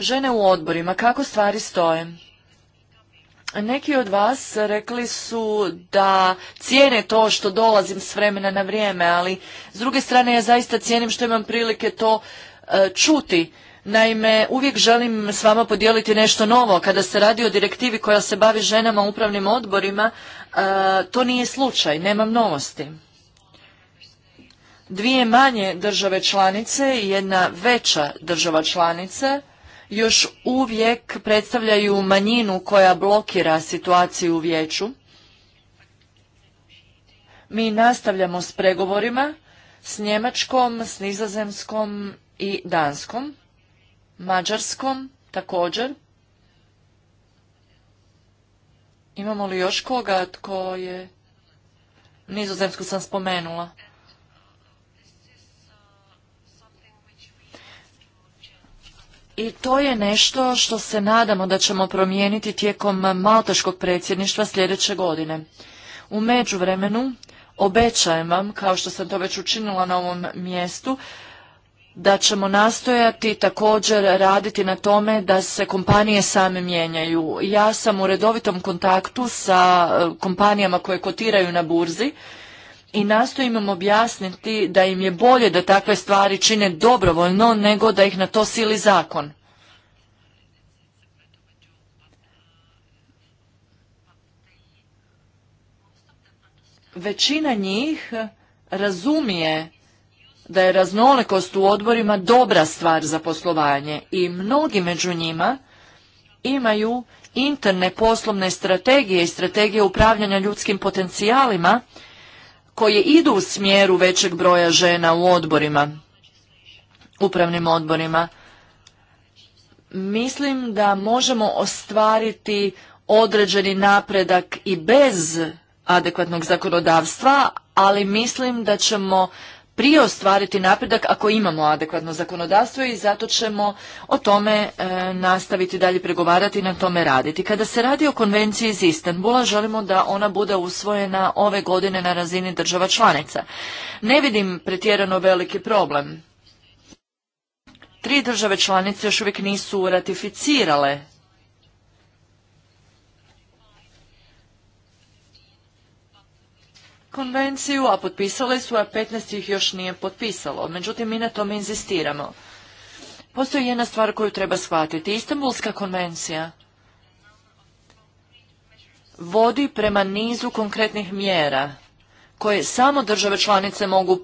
Žene u odborima, kako stvari stoje? Neki od vas rekli su da cijene to što dolazim s vremena na vrijeme, ali s druge strane ja zaista cijenim što imam prilike to e, čuti. Naime, uvijek želim s vama podijeliti nešto novo. Kada se radi o direktivi koja se bavi ženama u upravnim odborima, e, to nije slučaj, nemam novosti. Dvije manje države članice i jedna veća država članice još uvijek predstavljaju manjinu koja blokira situaciju u vijeću. Mi nastavljamo s pregovorima s Njemačkom, s Nizozemskom i Danskom, Mađarskom također. Imamo li još koga tko je... Nizozemsku sam spomenula. i to je nešto što se nadamo da ćemo promijeniti tijekom maltaškog predsjedništva sljedeće godine. U međuvremenu obećajem vam, kao što sam to već učinila na ovom mjestu, da ćemo nastojati također raditi na tome da se kompanije same mijenjaju. Ja sam u redovitom kontaktu sa eh, kompanijama koje kotiraju na burzi i nastojim im objasniti da im je bolje da takve stvari čine dobrovoljno nego da ih na to sili zakon. Većina njih razumije da je raznolikost u odborima dobra stvar za poslovanje i mnogi među njima imaju interne poslovne strategije i strategije upravljanja ljudskim potencijalima koje idu u smjeru većeg broja žena u odborima, upravnim odborima, mislim da možemo ostvariti određeni napredak i bez adekvatnog zakonodavstva, ali mislim da ćemo prije ostvariti napredak ako imamo adekvatno zakonodavstvo i zato ćemo o tome e, nastaviti dalje pregovarati i na tome raditi. Kada se radi o konvenciji iz Istanbula, želimo da ona bude usvojena ove godine na razini država članica. Ne vidim pretjerano veliki problem. Tri države članice još uvijek nisu ratificirale konvenciju, a potpisale su, a 15 ih još nije potpisalo. Međutim, mi na tome inzistiramo. Postoji jedna stvar koju treba shvatiti. Istanbulska konvencija vodi prema nizu konkretnih mjera koje samo države članice mogu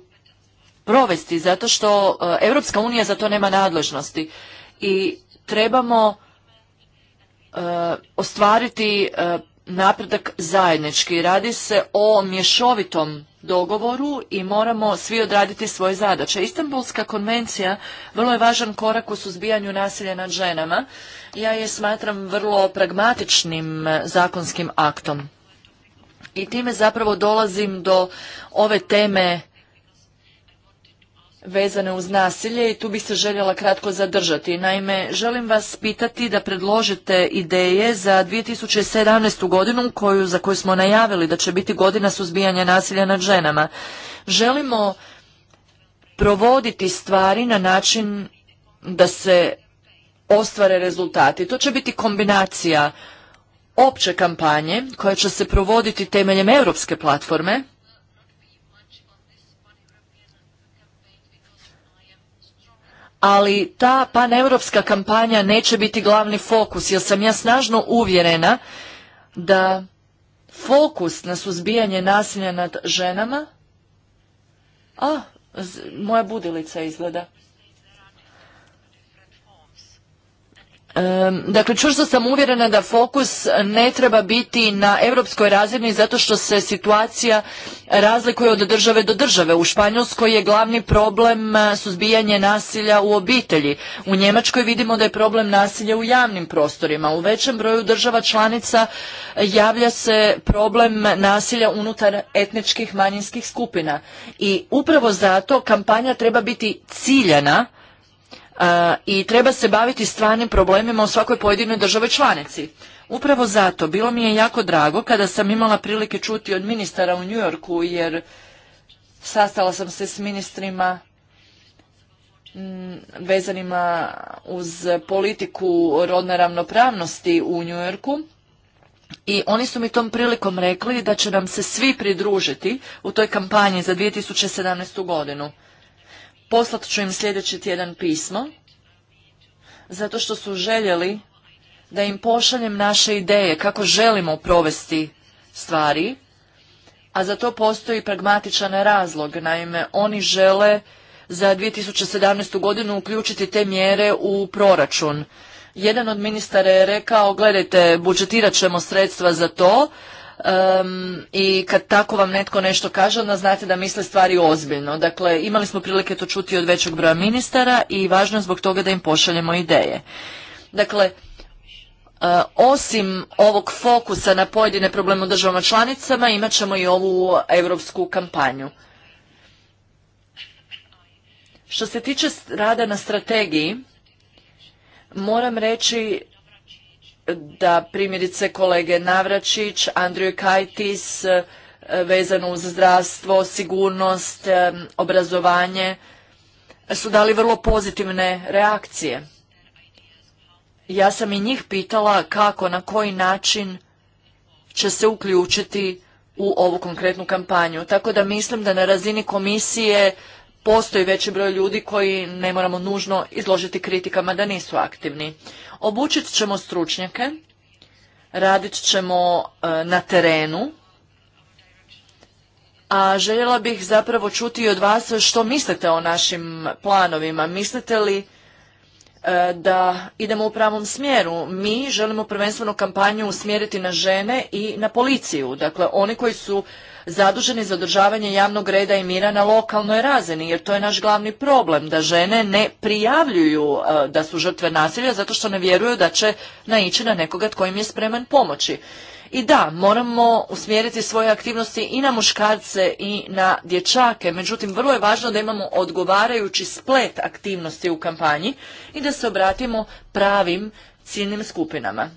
provesti, zato što Europska unija za to nema nadležnosti. I trebamo e, ostvariti e, napredak zajednički. Radi se o mješovitom dogovoru i moramo svi odraditi svoje zadaće. Istanbulska konvencija vrlo je važan korak u suzbijanju nasilja nad ženama. Ja je smatram vrlo pragmatičnim eh, zakonskim aktom. I time zapravo dolazim do ove teme vezane uz nasilje i tu bih se željela kratko zadržati. Naime, želim vas pitati da predložite ideje za 2017. godinu koju, za koju smo najavili da će biti godina suzbijanja nasilja nad ženama. Želimo provoditi stvari na način da se ostvare rezultati. To će biti kombinacija opće kampanje koja će se provoditi temeljem europske platforme ali ta paneuropska kampanja neće biti glavni fokus, jer sam ja snažno uvjerena da fokus na suzbijanje nasilja nad ženama... A, moja budilica izgleda. Dakle, čvrsto sam uvjerena da fokus ne treba biti na europskoj razini zato što se situacija razlikuje od države do države. U Španjolskoj je glavni problem eh, suzbijanje nasilja u obitelji. U Njemačkoj vidimo da je problem nasilja u javnim prostorima. U većem broju država članica javlja se problem nasilja unutar etničkih manjinskih skupina. I upravo zato kampanja treba biti ciljena i treba se baviti stvarnim problemima u svakoj pojedinoj državi članici. Upravo zato bilo mi je jako drago kada sam imala prilike čuti od ministara u New Yorku jer sastala sam se s ministrima mm, vezanima uz politiku rodne ravnopravnosti u New i oni su mi tom prilikom rekli da će nam se svi pridružiti u toj kampanji za 2017. godinu. Poslat ću im sljedeći tjedan pismo, zato što su željeli da im pošaljem naše ideje kako želimo provesti stvari, a za to postoji pragmatičan razlog. Naime, oni žele za 2017. godinu uključiti te mjere u proračun. Jedan od ministara je rekao, gledajte, budžetirat ćemo sredstva za to, Um, i kad tako vam netko nešto kaže, onda znate da misle stvari ozbiljno. Dakle, imali smo prilike to čuti od većeg broja ministara i važno je zbog toga da im pošaljemo ideje. Dakle, e, osim ovog fokusa na pojedine probleme u državama članicama, imat ćemo i ovu europsku kampanju. Što se tiče rada na strategiji, moram reći da primjerice kolege Navračić, Andriju Kajtis, e, vezano uz zdravstvo, sigurnost, e, obrazovanje, su dali vrlo pozitivne reakcije. Ja sam i njih pitala kako, na koji način će se uključiti u ovu konkretnu kampanju. Tako da mislim da na razini komisije postoji veći broj ljudi koji ne moramo nužno izložiti kritikama da nisu aktivni. Obučit ćemo stručnjake, radit ćemo e, na terenu, a željela bih zapravo čuti od vas što mislite o našim planovima. Mislite li E, da idemo u pravom smjeru. Mi želimo prvenstveno kampanju usmjeriti na žene i na policiju, dakle oni koji su zaduženi za održavanje javnog reda i mira na lokalnoj razini, jer to je naš glavni problem, da žene ne prijavljuju e, da su žrtve nasilja zato što ne vjeruju da će naići na nekoga tko im je spreman pomoći. I da, moramo usmjeriti svoje aktivnosti i na muškarce i na dječake, međutim vrlo je važno da imamo odgovarajući splet aktivnosti u kampanji i da se obratimo pravim ciljnim skupinama.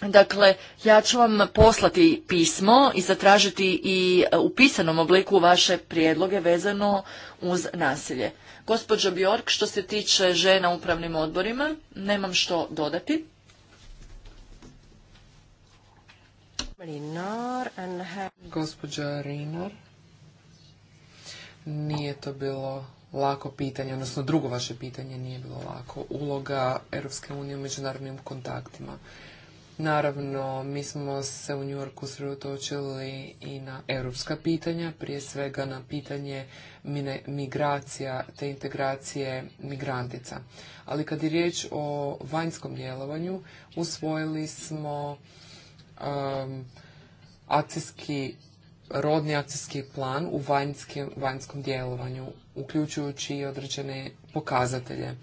Dakle, ja ću vam poslati pismo i zatražiti i e, u pisanom obliku vaše prijedloge vezano uz nasilje. Gospođo Bjork, što se tiče žena u upravnim odborima, nemam što dodati. Gospođa Rinar, nije to bilo lako pitanje, odnosno drugo vaše pitanje nije bilo lako. Uloga Europske unije u međunarodnim kontaktima. Naravno, mi smo se u Yorku sredotočili i na europska pitanja, prije svega na pitanje migracija te integracije migrantica. Ali kad je riječ o vanjskom djelovanju, usvojili smo Um, akcijski rodni akcijski plan u vanjskom djelovanju, uključujući i određene pokazatelje.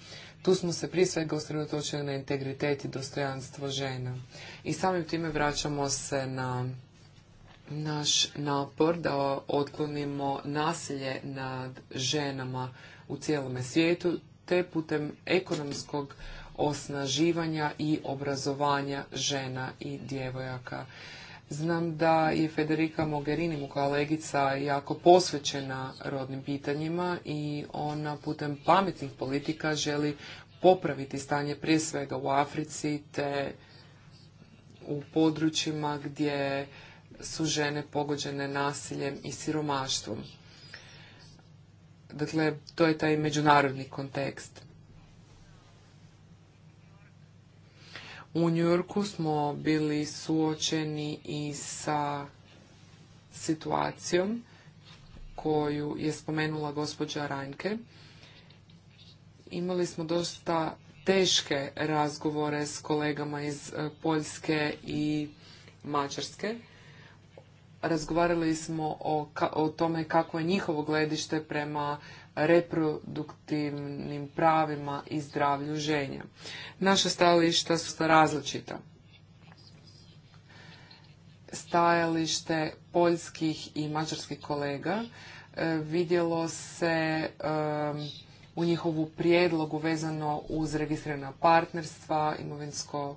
Tu smo se prije svega usredotočili na integritet i dostojanstvo žena. I samim time vraćamo se na naš napor da otklonimo nasilje nad ženama u cijelome svijetu, te putem ekonomskog osnaživanja i obrazovanja žena i djevojaka. Znam da je Federica Mogherini, mu kolegica, jako posvećena rodnim pitanjima i ona putem pametnih politika želi popraviti stanje prije svega u Africi te u područjima gdje su žene pogođene nasiljem i siromaštvom. Dakle, to je taj međunarodni kontekst. U Njurku smo bili suočeni i sa situacijom koju je spomenula gospođa Ranke. Imali smo dosta teške razgovore s kolegama iz e, Poljske i Mađarske. Razgovarali smo o, o tome kako je njihovo gledište prema reproduktivnim pravima i zdravlju ženja. Naša stajališta su različita. Stajalište poljskih i mađarskih kolega e, vidjelo se e, u njihovu prijedlogu vezano uz registrirana partnerstva, imovinsko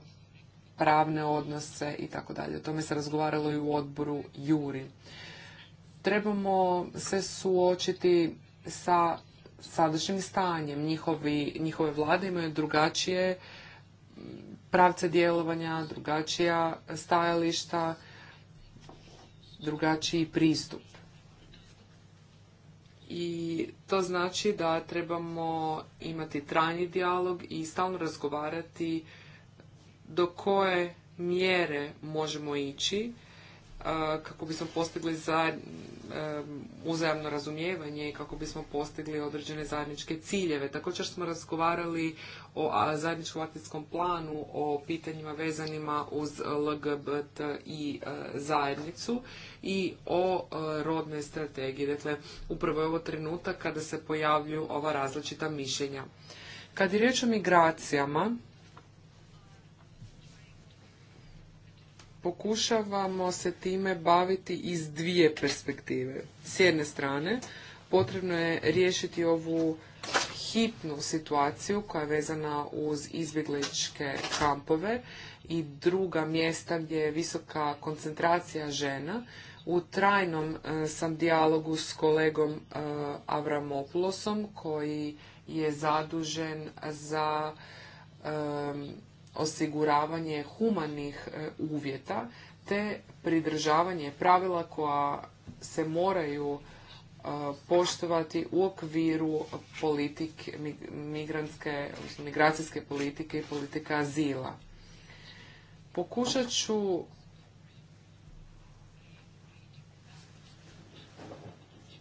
pravne odnose i tako dalje. O tome se razgovaralo i u odboru Juri. Trebamo se suočiti sa sadašnjim stanjem. njihove vlade imaju drugačije pravce djelovanja, drugačija stajališta, drugačiji pristup. I to znači da trebamo imati trajni dijalog i stalno razgovarati do koje mjere možemo ići kako bismo postigli za uzajamno razumijevanje i kako bismo postigli određene zajedničke ciljeve. Također smo razgovarali o zajedničkom akcijskom planu, o pitanjima vezanima uz LGBT i e, zajednicu i o e, rodnoj strategiji. Dakle, upravo je ovo trenutak kada se pojavljuju ova različita mišljenja. Kad je riječ o migracijama, pokušavamo se time baviti iz dvije perspektive. S jedne strane, potrebno je riješiti ovu hitnu situaciju koja je vezana uz izbjegličke kampove i druga mjesta gdje je visoka koncentracija žena. U trajnom e, sam dijalogu s kolegom e, Avramopulosom koji je zadužen za e, osiguravanje humanih e, uvjeta te pridržavanje pravila koja se moraju e, poštovati u okviru migracijske politike i politika azila. Pokušat ću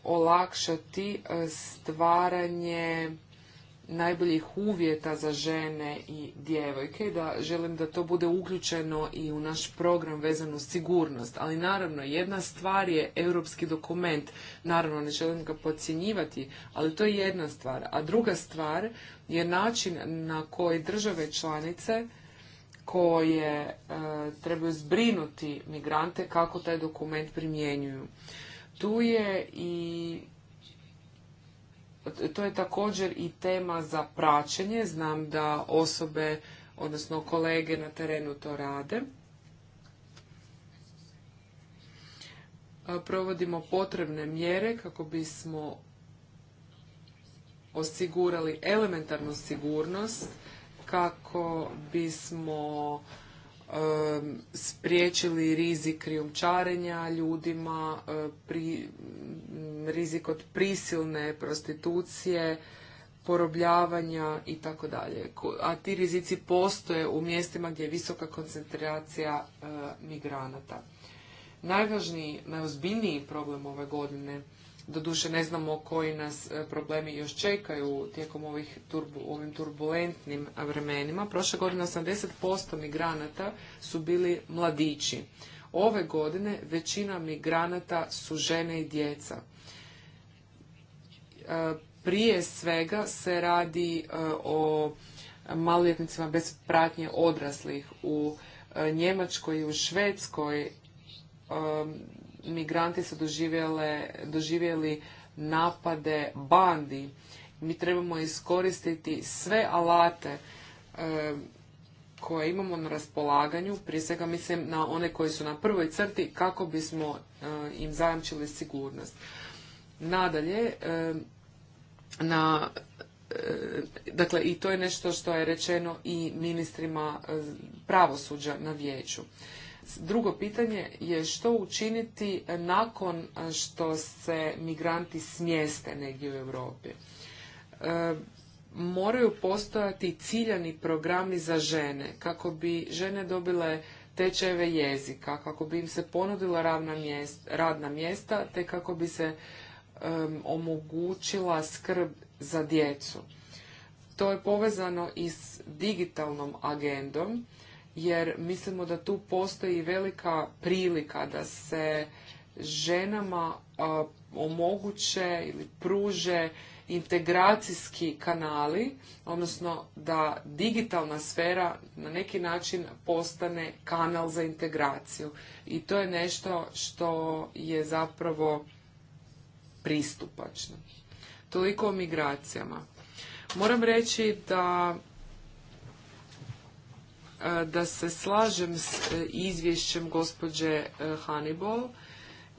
olakšati e, stvaranje najboljih uvjeta za žene i djevojke, da želim da to bude uključeno i u naš program vezan uz sigurnost. Ali naravno, jedna stvar je europski dokument, naravno ne želim ga podcjenjivati, ali to je jedna stvar. A druga stvar je način na koji države članice koje e, trebaju zbrinuti migrante kako taj dokument primjenjuju. Tu je i to je također i tema za praćenje. Znam da osobe, odnosno kolege na terenu to rade. Provodimo potrebne mjere kako bismo osigurali elementarnu sigurnost, kako bismo Um, spriječili rizik krijumčarenja ljudima, uh, rizik od prisilne prostitucije, porobljavanja i tako dalje. A ti rizici postoje u mjestima gdje je visoka koncentracija uh, migranata. Najvažniji, najozbiljniji problem ove godine Doduše ne znamo koji nas e, problemi još čekaju tijekom ovih turbu, ovim turbulentnim vremenima. Prošle godine 80% migranata su bili mladići. Ove godine većina migranata su žene i djeca. E, prije svega se radi e, o maloljetnicima bez pratnje odraslih. U Njemačkoj i u Švedskoj migranti su doživjeli napade bandi. Mi trebamo iskoristiti sve alate e, koje imamo na raspolaganju, prije svega mislim na one koji su na prvoj crti kako bismo e, im zajamčili sigurnost. Nadalje, e, na dakle i to je nešto što je rečeno i ministrima pravosuđa na vijeću. Drugo pitanje je što učiniti nakon što se migranti smjeste negdje u Europi. E, moraju postojati ciljani programi za žene kako bi žene dobile tečajeve jezika, kako bi im se ponudila radna mjesta, te kako bi se omogućila skrb za djecu. To je povezano i s digitalnom agendom jer mislimo da tu postoji velika prilika da se ženama omoguće ili pruže integracijski kanali, odnosno da digitalna sfera na neki način postane kanal za integraciju. I to je nešto što je zapravo pristupačno. Toliko o migracijama. Moram reći da da se slažem s e, izvješćem gospođe e, Hannibal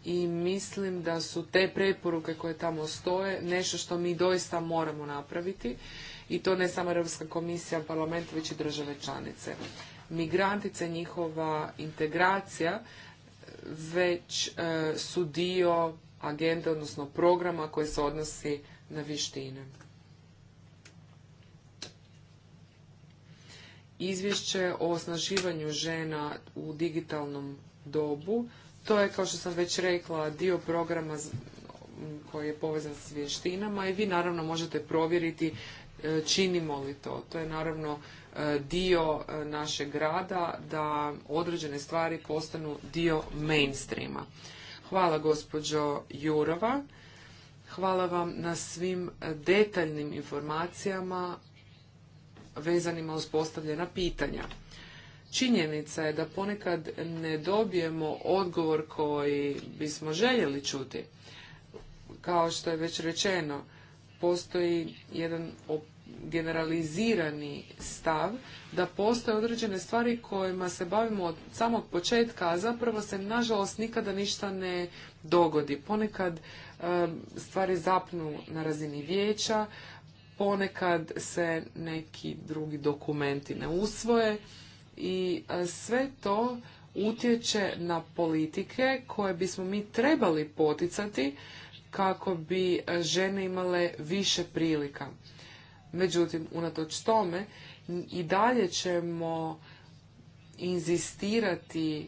i mislim da su te preporuke koje tamo stoje nešto što mi doista moramo napraviti i to ne samo Europska komisija, parlament, već i države članice. Migrantice, njihova integracija e, već su dio agende, odnosno programa koji se odnosi na vještine. izvješće o osnaživanju žena u digitalnom dobu. To je, kao što sam već rekla, dio programa koji je povezan s vještinama i vi naravno možete provjeriti e, činimo li to. To je naravno e, dio e, našeg grada da određene stvari postanu dio mainstreama. Hvala gospođo Jurova. Hvala vam na svim detaljnim informacijama vezanima uz postavljena pitanja. Činjenica je da ponekad ne dobijemo odgovor koji bismo željeli čuti. Kao što je već rečeno, postoji jedan generalizirani stav da postoje određene stvari kojima se bavimo od samog početka, a zapravo se nažalost nikada ništa ne dogodi. Ponekad ehm, stvari zapnu na razini vijeća, ponekad se neki drugi dokumenti ne usvoje i e, sve to utječe na politike koje bismo mi trebali poticati kako bi žene imale više prilika. Međutim, unatoč tome i dalje ćemo inzistirati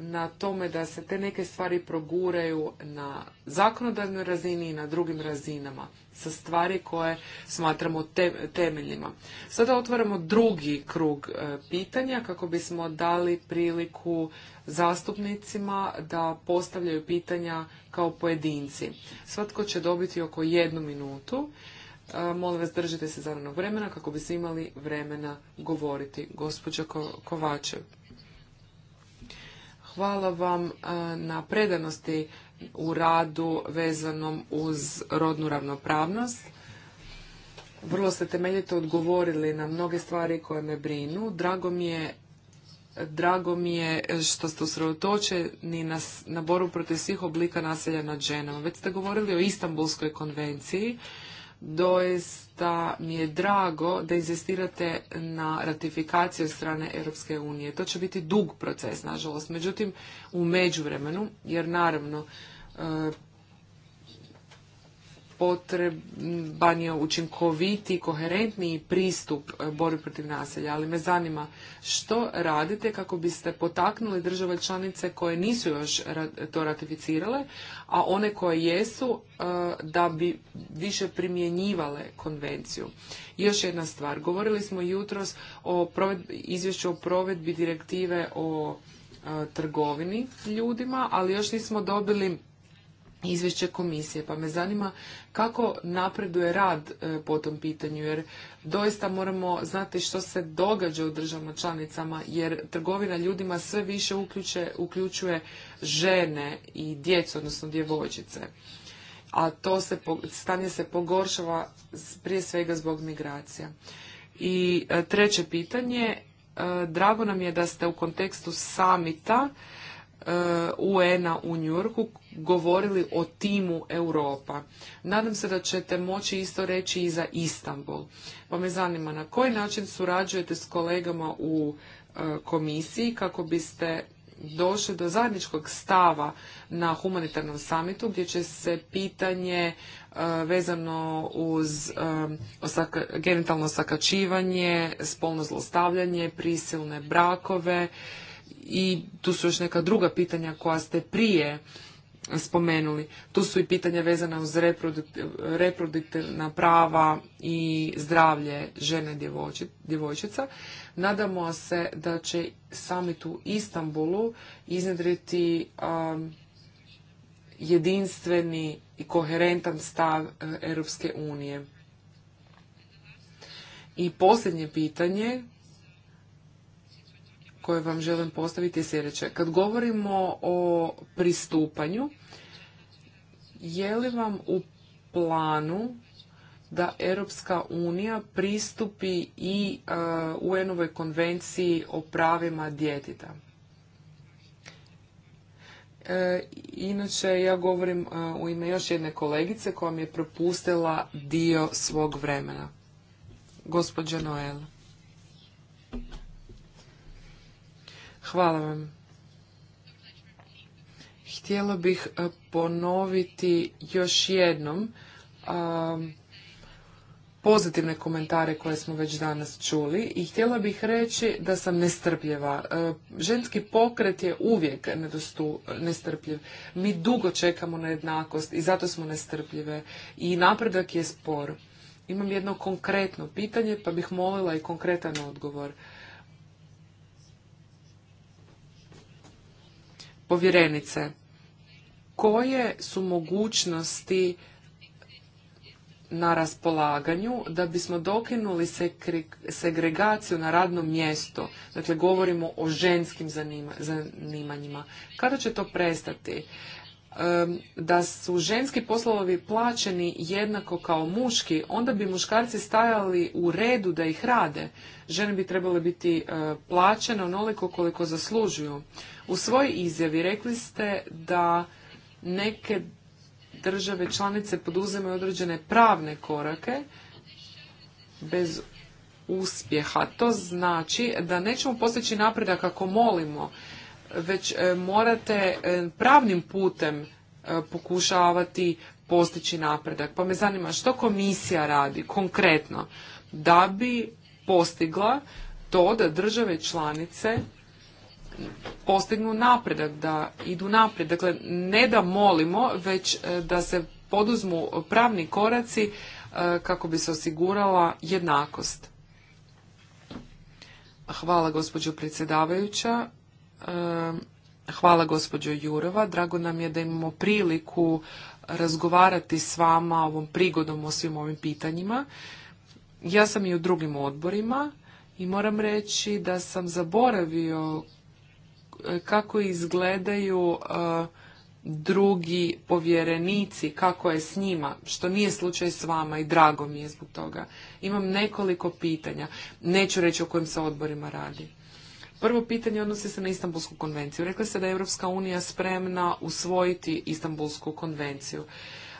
na tome da se te neke stvari proguraju na zakonodavnoj razini i na drugim razinama sa stvari koje smatramo temeljima. Sada otvaramo drugi krug e, pitanja kako bismo dali priliku zastupnicima da postavljaju pitanja kao pojedinci. Svatko će dobiti oko jednu minutu. E, molim vas držite se zadanog vremena kako bi imali vremena govoriti. Gospođa Ko Kovačev. Hvala vam eh, na predanosti u radu vezanom uz rodnu ravnopravnost. Vrlo ste temeljito odgovorili na mnoge stvari koje me brinu. Drago mi je drago mi je eh, što ste usredotočeni na, na boru protiv svih oblika naselja nad ženama. Već ste govorili o Istanbulskoj konvenciji Doista mi je drago da inzistirate na ratifikaciju strane Europske unije. To će biti dug proces, nažalost. Međutim, u međuvremenu, jer naravno e, potreban je učinkoviti, koherentniji pristup e, borbi protiv nasilja, ali me zanima što radite kako biste potaknuli države članice koje nisu još to ratificirale, a one koje jesu e, da bi više primjenjivale konvenciju. još jedna stvar, govorili smo jutros o izvješću o provedbi direktive o e, trgovini ljudima, ali još nismo dobili izvješće komisije, pa me zanima kako napreduje rad e, po tom pitanju, jer doista moramo znati što se događa u državama članicama, jer trgovina ljudima sve više uključuje žene i djecu, odnosno djevojčice. A to se, stanje se pogoršava prije svega zbog migracija. I e, treće pitanje, e, drago nam je da ste u kontekstu samita Eh, UN-a u Njurku govorili o timu Europa. Nadam se da ćete moći isto reći i za Istanbul. Pa me zanima na koji način surađujete s kolegama u eh, komisiji kako biste došli do zajedničkog stava na humanitarnom samitu gdje će se pitanje eh, vezano uz genitalno sakačivanje, spolno zlostavljanje, prisilne brakove, i tu su još neka druga pitanja koja ste prije spomenuli. Tu su i pitanja vezana uz reproduktivna prava i zdravlje žene djevojčica. Nadamo se da će samit u Istanbulu iznedriti um, jedinstveni i koherentan stav e, Europske unije. I posljednje pitanje koje vam želim postaviti je sljedeće. Kad govorimo o pristupanju, je li vam u planu da Europska unija pristupi i UN-ovoj konvenciji o pravima djeteta? E, inače, ja govorim u ime još jedne kolegice koja mi je propustila dio svog vremena. Gospođa Noela. Hvala vam. Htjela bih ponoviti još jednom pozitivne komentare koje smo već danas čuli i htjela bih reći da sam nestrpljiva. Ženski pokret je uvijek nestrpljiv. Mi dugo čekamo na jednakost i zato smo nestrpljive i napredak je spor. Imam jedno konkretno pitanje pa bih molila i konkretan odgovor. povjerenice, koje su mogućnosti na raspolaganju da bismo dokinuli segregaciju na radno mjesto. Dakle, govorimo o ženskim zanimanjima. Kada će to prestati? da su ženski poslovi plaćeni jednako kao muški, onda bi muškarci stajali u redu da ih rade. Žene bi trebale biti e, plaćene onoliko koliko zaslužuju. U svojoj izjavi rekli ste da neke države članice poduzimaju određene pravne korake bez uspjeha. To znači da nećemo postići napredak ako molimo već e, morate e, pravnim putem e, pokušavati postići napredak. Pa me zanima što komisija radi konkretno da bi postigla to da države članice postignu napredak, da idu naprijed. Dakle, ne da molimo, već da se poduzmu pravni koraci kako bi se osigurala jednakost. Hvala gospođo predsjedavajuća. E, hvala gospođo Jurova. Drago nam je da imamo priliku razgovarati s vama ovom prigodom o svim ovim pitanjima. Ja sam i u drugim odborima i moram reći da sam zaboravio e, kako izgledaju e, drugi povjerenici, kako je s njima, što nije slučaj s vama i drago mi je zbog toga. Imam nekoliko pitanja. Neću reći o kojim se odborima radi. Prvo pitanje odnosi se na Istanbulsku konvenciju. Rekli se da je Europska unija spremna usvojiti Istanbulsku konvenciju.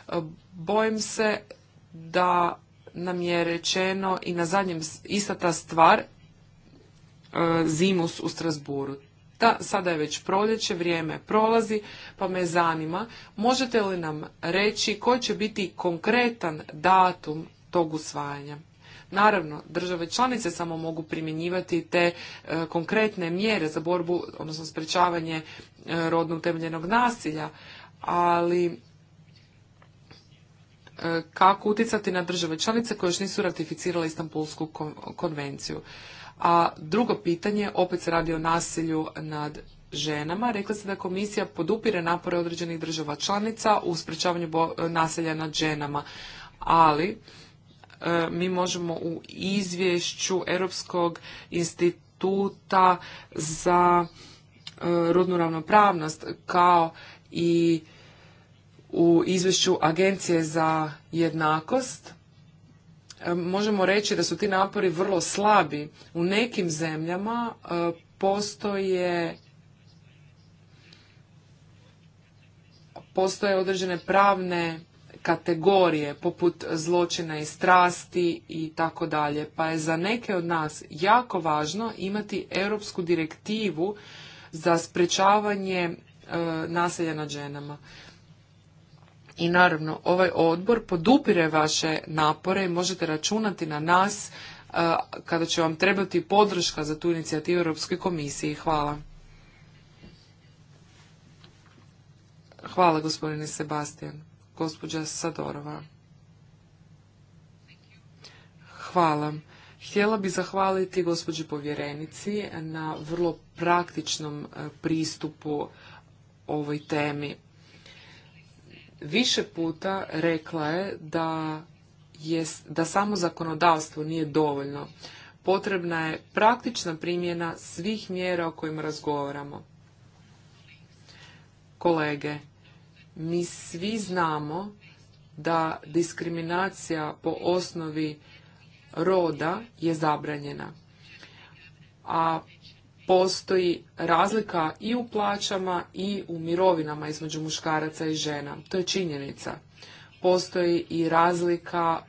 E, bojim se da nam je rečeno i na zadnjem ista ta stvar e, zimus u Strasburu. Ta sada je već proljeće, vrijeme prolazi, pa me zanima, možete li nam reći koji će biti konkretan datum tog usvajanja? Naravno, države članice samo mogu primjenjivati te e, konkretne mjere za borbu, odnosno sprečavanje e, rodno utemeljenog nasilja, ali e, kako utjecati na države članice koje još nisu ratificirale Istanbulsku konvenciju. A drugo pitanje, opet se radi o nasilju nad ženama. Rekla se da komisija podupire napore određenih država članica u sprečavanju nasilja nad ženama, ali E, mi možemo u izvješću Europskog instituta za e, rodnu ravnopravnost kao i u izvješću Agencije za jednakost e, možemo reći da su ti napori vrlo slabi. U nekim zemljama postoje postoje određene pravne kategorije poput zločina i strasti i tako dalje. Pa je za neke od nas jako važno imati europsku direktivu za sprečavanje e, nasilja nad ženama. I naravno, ovaj odbor podupire vaše napore i možete računati na nas e, kada će vam trebati podrška za tu inicijativu Europske komisije. Hvala. Hvala gospodine Sebastian gospođa Sadorova. Hvala. Htjela bih zahvaliti gospođi povjerenici na vrlo praktičnom e, pristupu ovoj temi. Više puta rekla je da, je, da samo zakonodavstvo nije dovoljno. Potrebna je praktična primjena svih mjera o kojima razgovaramo. Kolege, mi svi znamo da diskriminacija po osnovi roda je zabranjena. A postoji razlika i u plaćama i u mirovinama između muškaraca i žena. To je činjenica. Postoji i razlika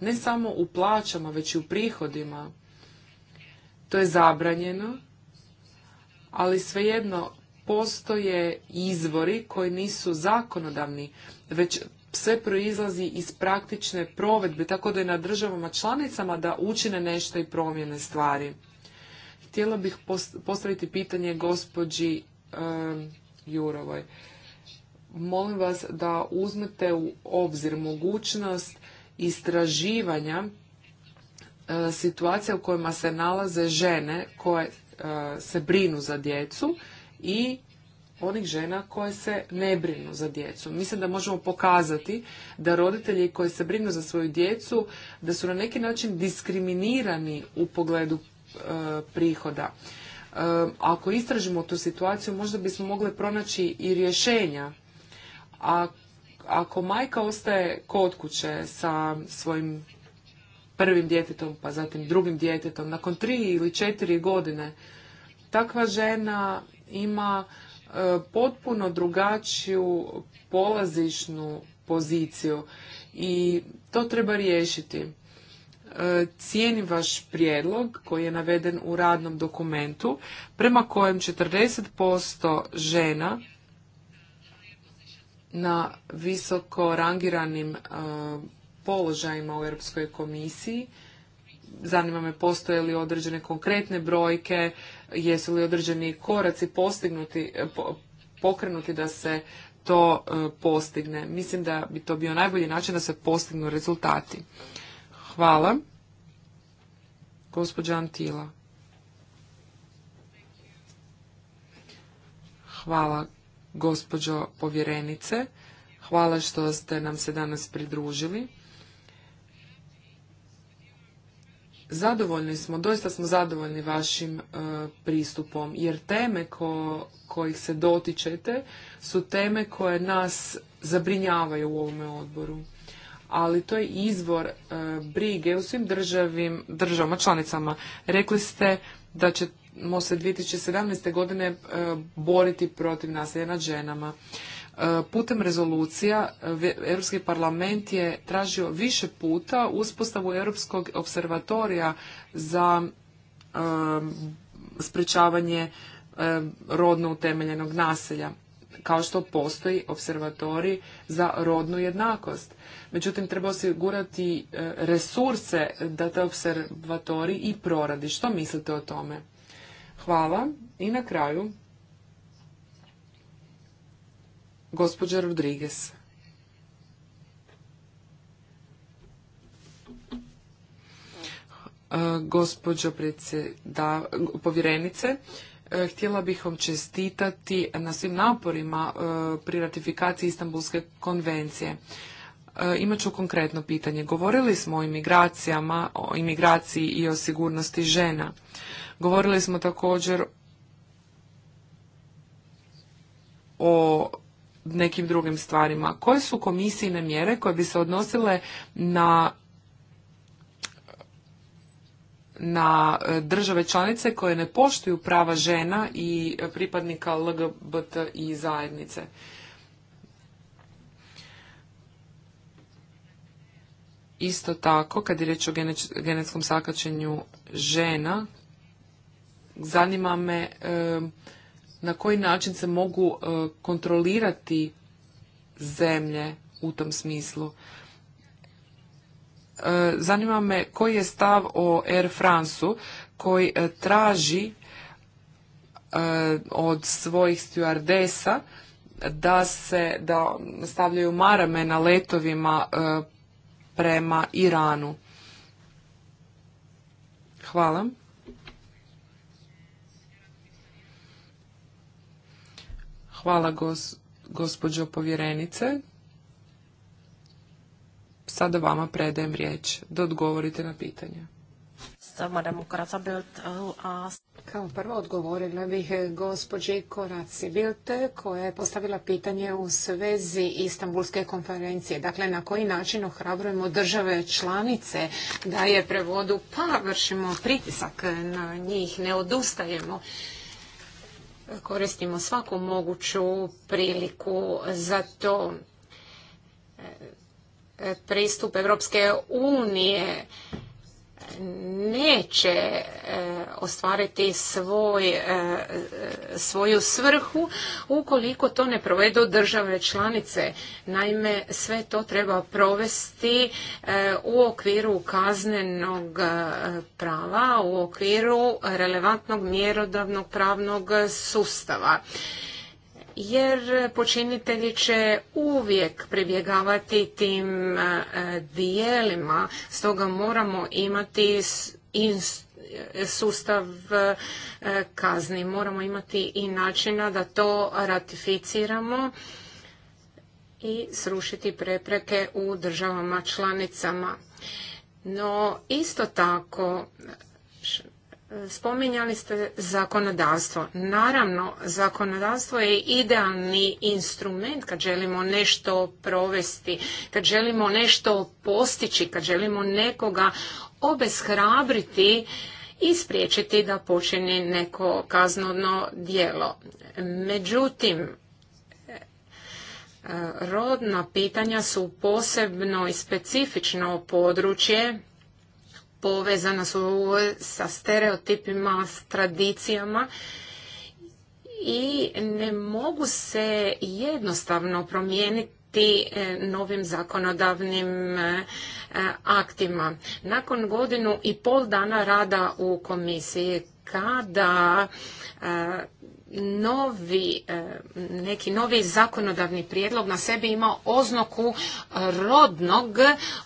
ne samo u plaćama, već i u prihodima. To je zabranjeno, ali svejedno postoje izvori koji nisu zakonodavni, već sve proizlazi iz praktične provedbe, tako da je na državama članicama da učine nešto i promjene stvari. Htjela bih postaviti pitanje gospođi Jurovoj. Molim vas da uzmete u obzir mogućnost istraživanja e, situacija u kojima se nalaze žene koje e, se brinu za djecu i onih žena koje se ne brinu za djecu. Mislim da možemo pokazati da roditelji koji se brinu za svoju djecu, da su na neki način diskriminirani u pogledu e, prihoda. E, ako istražimo tu situaciju, možda bismo mogli pronaći i rješenja. A ako majka ostaje kod kuće sa svojim prvim djetetom, pa zatim drugim djetetom, nakon tri ili četiri godine, takva žena ima e, potpuno drugačiju polazišnu poziciju i to treba riješiti. E, cijenim vaš prijedlog koji je naveden u radnom dokumentu prema kojem 40% žena na visoko rangiranim e, položajima u Europskoj komisiji. Zanima me postoje li određene konkretne brojke, jesu li određeni koraci postignuti, e, pokrenuti da se to e, postigne. Mislim da bi to bio najbolji način da se postignu rezultati. Hvala. Gospođa Antila. Hvala gospođo povjerenice. Hvala što ste nam se danas pridružili. Zadovoljni smo, doista smo zadovoljni vašim e, pristupom, jer teme ko, kojih se dotičete su teme koje nas zabrinjavaju u ovome odboru. Ali to je izvor e, brige u svim državim, državama, članicama. Rekli ste da ćemo se 2017. godine e, boriti protiv nasilja nad ženama putem rezolucija eh, Europski parlament je tražio više puta uspostavu Europskog observatorija za eh, sprečavanje eh, rodno utemeljenog nasilja kao što postoji observatori za rodnu jednakost. Međutim, treba osigurati resurse da te observatori i proradi. Što mislite o tome? Hvala i na kraju Gospođa Rodriguez. Gospođo povjerenice, e, htjela bih vam čestitati na svim naporima e, pri ratifikaciji Istanbulske konvencije. E, imat ću konkretno pitanje. Govorili smo o imigracijama, o imigraciji i o sigurnosti žena. Govorili smo također nekim drugim stvarima. Koje su komisijne mjere koje bi se odnosile na na e, države članice koje ne poštuju prava žena i pripadnika LGBT i zajednice. Isto tako, kad je reč o genetskom sakačenju žena, zanima me e, na koji način se mogu e, kontrolirati zemlje u tom smislu. E, zanima me koji je stav o Air France-u koji e, traži od svojih stewardesa da se da stavljaju marame na letovima prema Iranu. Hvala. Hvala gospođo povjerenice. Sada vama predajem riječ da odgovorite na pitanje. Eh, Kao prvo odgovorila bih gospođi Koraci Bilte koja je postavila pitanje u svezi Istanbulske konferencije. Dakle, na koji način ohrabrujemo države članice da je prevodu pa vršimo pritisak na njih, ne odustajemo koristimo svaku moguću priliku za to. E, pristup Europske unije neće e, ostvariti svoj, e, svoju svrhu ukoliko to ne provedu države članice. Naime, sve to treba provesti e, u okviru kaznenog prava, u okviru relevantnog mjerodavnog pravnog sustava jer počinitelji će uvijek pribjegavati tim e, dijelima, stoga moramo imati sustav e, kazni, moramo imati i načina da to ratificiramo i srušiti prepreke u državama članicama. No, isto tako Spominjali ste zakonodavstvo. Naravno, zakonodavstvo je idealni instrument kad želimo nešto provesti, kad želimo nešto postići, kad želimo nekoga obeshrabriti i spriječiti da počini neko kaznodno djelo. Međutim, rodna pitanja su posebno i specifično područje povezana su sa stereotipima, s tradicijama i ne mogu se jednostavno promijeniti e, novim zakonodavnim e, aktima. Nakon godinu i pol dana rada u komisiji kada e, novi, e, neki novi zakonodavni prijedlog na sebi ima oznaku rodnog,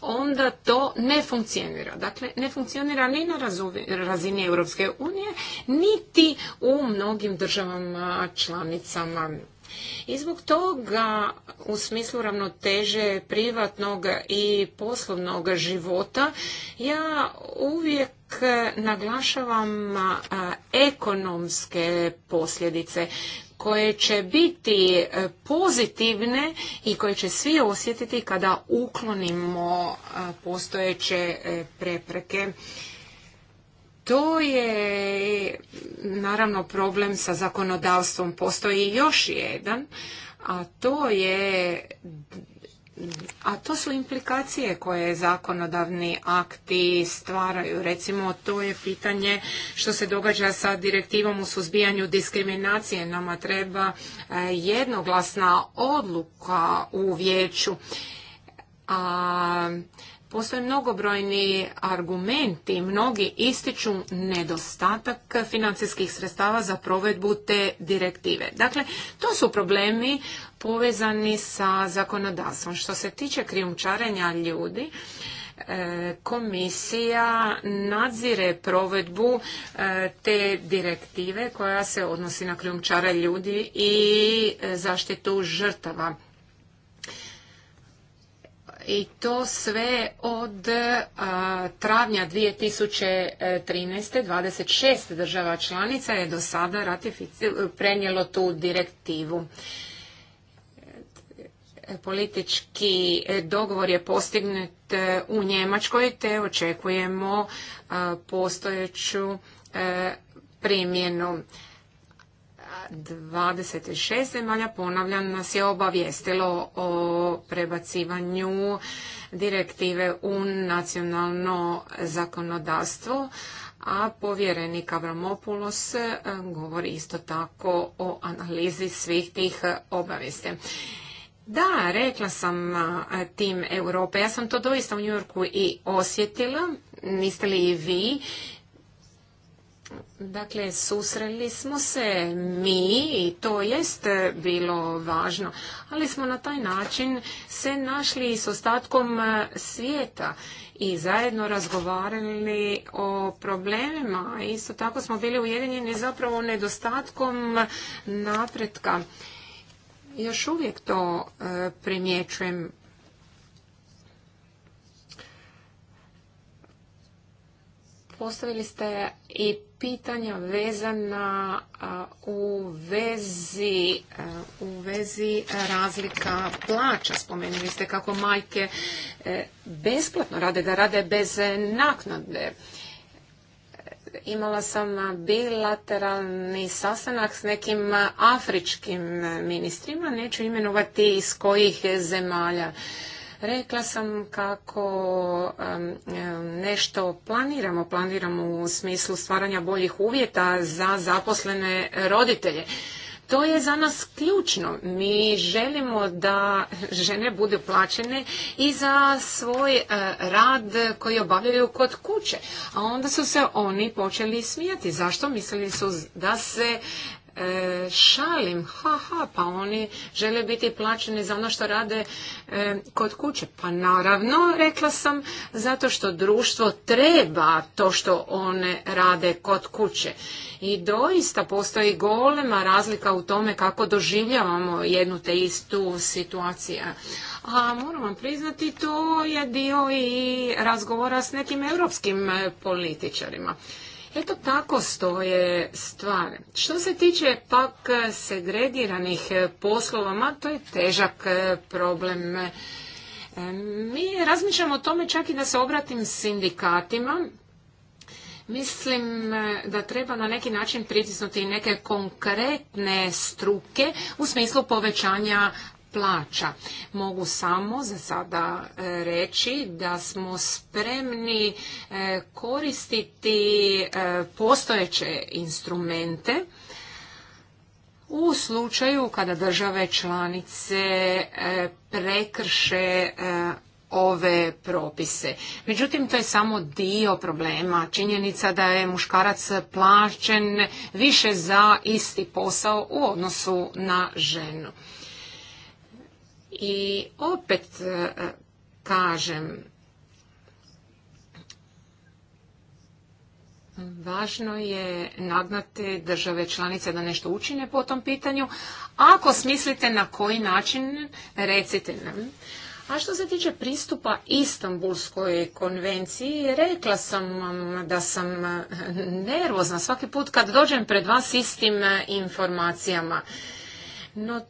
onda to ne funkcionira. Dakle, ne funkcionira ni na razini Europske unije, niti u mnogim državama članicama i zbog toga u smislu ravnoteže privatnog i poslovnog života ja uvijek naglašavam ekonomske posljedice koje će biti e, pozitivne i koje će svi osjetiti kada uklonimo postojeće e, prepreke to je naravno problem sa zakonodavstvom. Postoji još jedan, a to je a to su implikacije koje zakonodavni akti stvaraju. Recimo, to je pitanje što se događa sa direktivom u suzbijanju diskriminacije. Nama treba eh, jednoglasna odluka u vijeću. A Postoje mnogobrojni argumenti, mnogi ističu nedostatak financijskih sredstava za provedbu te direktive. Dakle, to su problemi povezani sa zakonodavstvom. Što se tiče krijumčarenja ljudi, e, komisija nadzire provedbu e, te direktive koja se odnosi na krijumčare ljudi i e, zaštitu žrtava i to sve od travnja 2013. 26 država članica je do sada prenijelo tu direktivu. Politički dogovor je postignut e, u Njemačkoj te očekujemo postojeću e, primjenu. 26 zemalja, ponavljam, nas je obavijestilo o prebacivanju direktive u nacionalno zakonodavstvo, a povjerenik Avramopoulos e, govori isto tako o analizi svih tih obavijesti Da, rekla sam e, tim Europe. Ja sam to doista u Yorku i osjetila. Niste li i vi? Dakle, susreli smo se mi i to jest bilo važno, ali smo na taj način se našli s ostatkom e, svijeta i zajedno razgovarali o problemima. Isto tako smo bili ujedinjeni zapravo nedostatkom napretka. Još uvijek to e, primjećujem postavili ste i pitanja vezana u vezi, u vezi razlika plaća. Spomenuli ste kako majke e, besplatno rade, da rade bez naknade. Imala sam bilateralni sastanak s nekim afričkim ministrima, neću imenovati iz kojih zemalja. Rekla sam kako nešto planiramo. Planiramo u smislu stvaranja boljih uvjeta za zaposlene roditelje. To je za nas ključno. Mi želimo da žene budu plaćene i za svoj eh, rad koji obavljaju kod kuće. A onda su se oni počeli smijati. Zašto? Mislili su da se E, šalim, ha, ha, pa oni žele biti plaćeni za ono što rade e, kod kuće. Pa naravno, rekla sam, zato što društvo treba to što one rade kod kuće. I doista postoji golema razlika u tome kako doživljavamo jednu te istu situaciju. A moram vam priznati, to je dio i razgovora s nekim europskim političarima. Eto tako stoje stvari. Što se tiče pak segregiranih ma to je težak e, problem. E, mi razmišljamo o tome čak i da se obratim sindikatima. Mislim e, da treba na neki način pritisnuti neke konkretne struke u smislu povećanja plaća. Mogu samo za sada e, reći da smo spremni e, koristiti e, postojeće instrumente u slučaju kada države članice prekrše ove propise. Međutim, to je samo dio problema. Činjenica da je muškarac plaćen više za isti posao u odnosu na ženu. I opet e, kažem, Važno je nagnati države članice da nešto učine po tom pitanju. Ako smislite na koji način, recite nam. A što se tiče pristupa Istanbulskoj konvenciji, rekla sam vam da sam e, nervozna svaki put kad dođem pred vas istim e, informacijama. No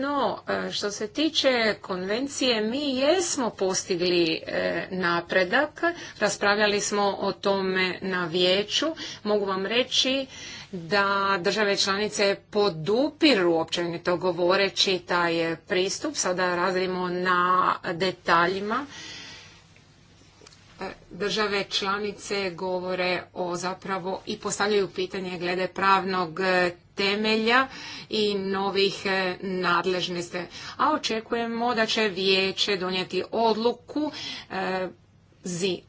no, e, što se tiče konvencije, mi jesmo postigli e, napredak, raspravljali smo o tome na vijeću. Mogu vam reći da države članice podupiru, općenito govoreći, taj pristup. Sada razvijemo na detaljima e, države članice govore o zapravo i postavljaju pitanje glede pravnog temelja i novih e, nadležnosti. A očekujemo da će vijeće donijeti odluku e,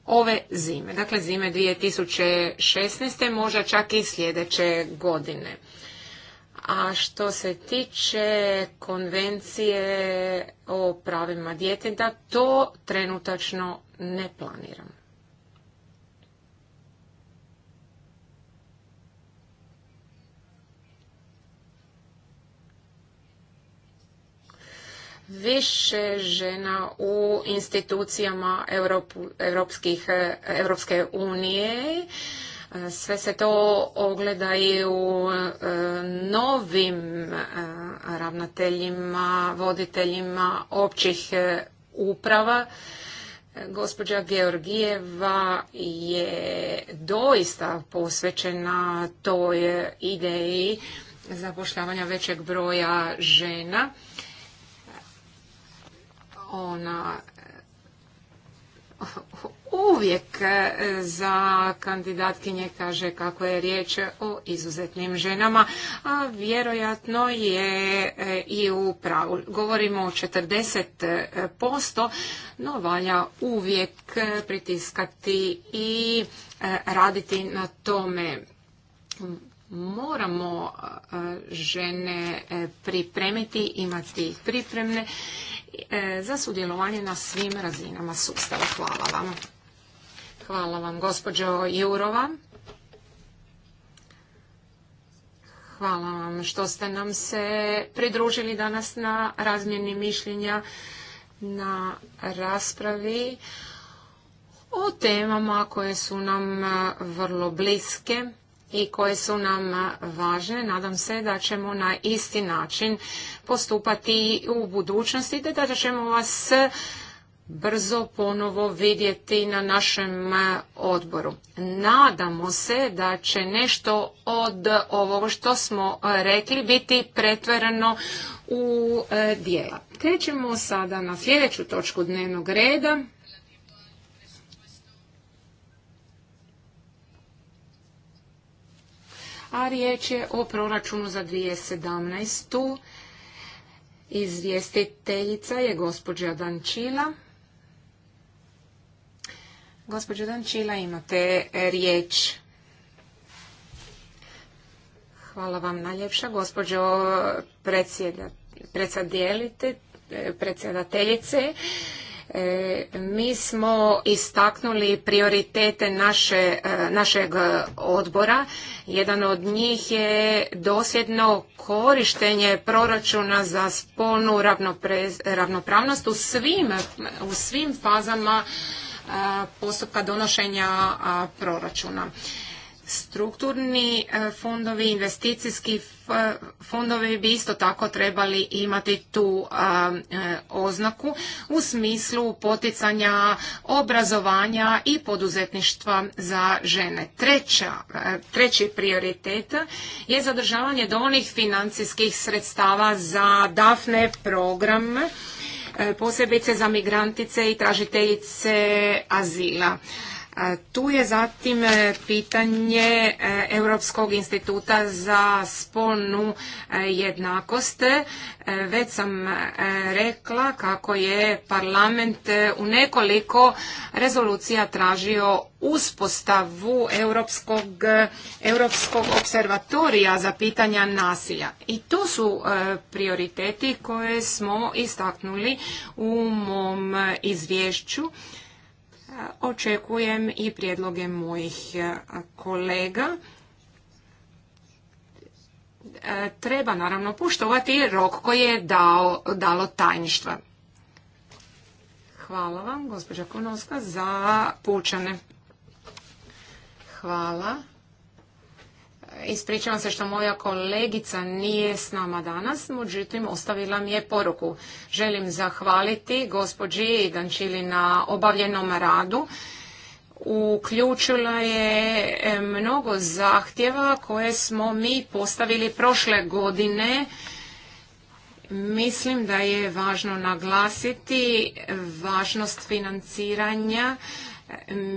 ove zime, dakle zime 2016. možda čak i sljedeće godine. A što se tiče konvencije o pravima djeteta, to trenutačno ne planiramo. više žena u institucijama Europske e, unije. E, sve se to ogleda i u e, novim ravnateljima, voditeljima općih uprava. Gospođa Georgijeva je doista posvećena toj ideji zapošljavanja većeg broja žena ona e, uvijek e, za kandidatkinje kaže kako je riječ o izuzetnim ženama, a vjerojatno je e, i u pravu. Govorimo o 40%, no valja uvijek pritiskati i raditi na tome moramo žene pripremiti, imati ih pripremne E, za sudjelovanje na svim razinama sustava. Hvala vam. Hvala vam, gospođo Jurova. Hvala vam što ste nam se pridružili danas na razmjeni mišljenja na raspravi o temama koje su nam e, vrlo bliske i koje su nam važne. Nadam se da ćemo na isti način postupati u budućnosti i da ćemo vas brzo ponovo vidjeti na našem odboru. Nadamo se da će nešto od ovoga što smo rekli biti pretvoreno u dijela. Krećemo sada na sljedeću točku dnevnog reda. a riječ je o proračunu za 2017. Izvjestiteljica je gospođa Dančila. Gospođa Dančila, imate riječ. Hvala vam najljepša, gospođo predsjedateljice. E, mi smo istaknuli prioritete naše, e, našeg odbora. Jedan od njih je dosljedno korištenje proračuna za spolnu ravnopravnost u svim, u svim fazama e, postupka donošenja proračuna. Strukturni e, fondovi, investicijski fondovi bi isto tako trebali imati tu e, oznaku u smislu poticanja obrazovanja i poduzetništva za žene. Treća, e, treći prioritet je zadržavanje donih financijskih sredstava za DAFNE program posebice za migrantice i tražiteljice azila. Tu je zatim e, pitanje e, Europskog instituta za spolnu e, jednakost. Već sam rekla kako je parlament u nekoliko rezolucija tražio uspostavu Europskog, Europskog observatorija za pitanja nasilja. I to su prioriteti koje smo istaknuli u mom izvješću očekujem i prijedloge mojih e, kolega. E, treba naravno poštovati rok koji je dalo tajništva. Hvala vam, gospođa Konovska, za pučane. Hvala. Ispričavam se što moja kolegica nije s nama danas, međutim ostavila mi je poruku. Želim zahvaliti gospođi Dančili na obavljenom radu. Uključila je e, mnogo zahtjeva koje smo mi postavili prošle godine. Mislim da je važno naglasiti važnost financiranja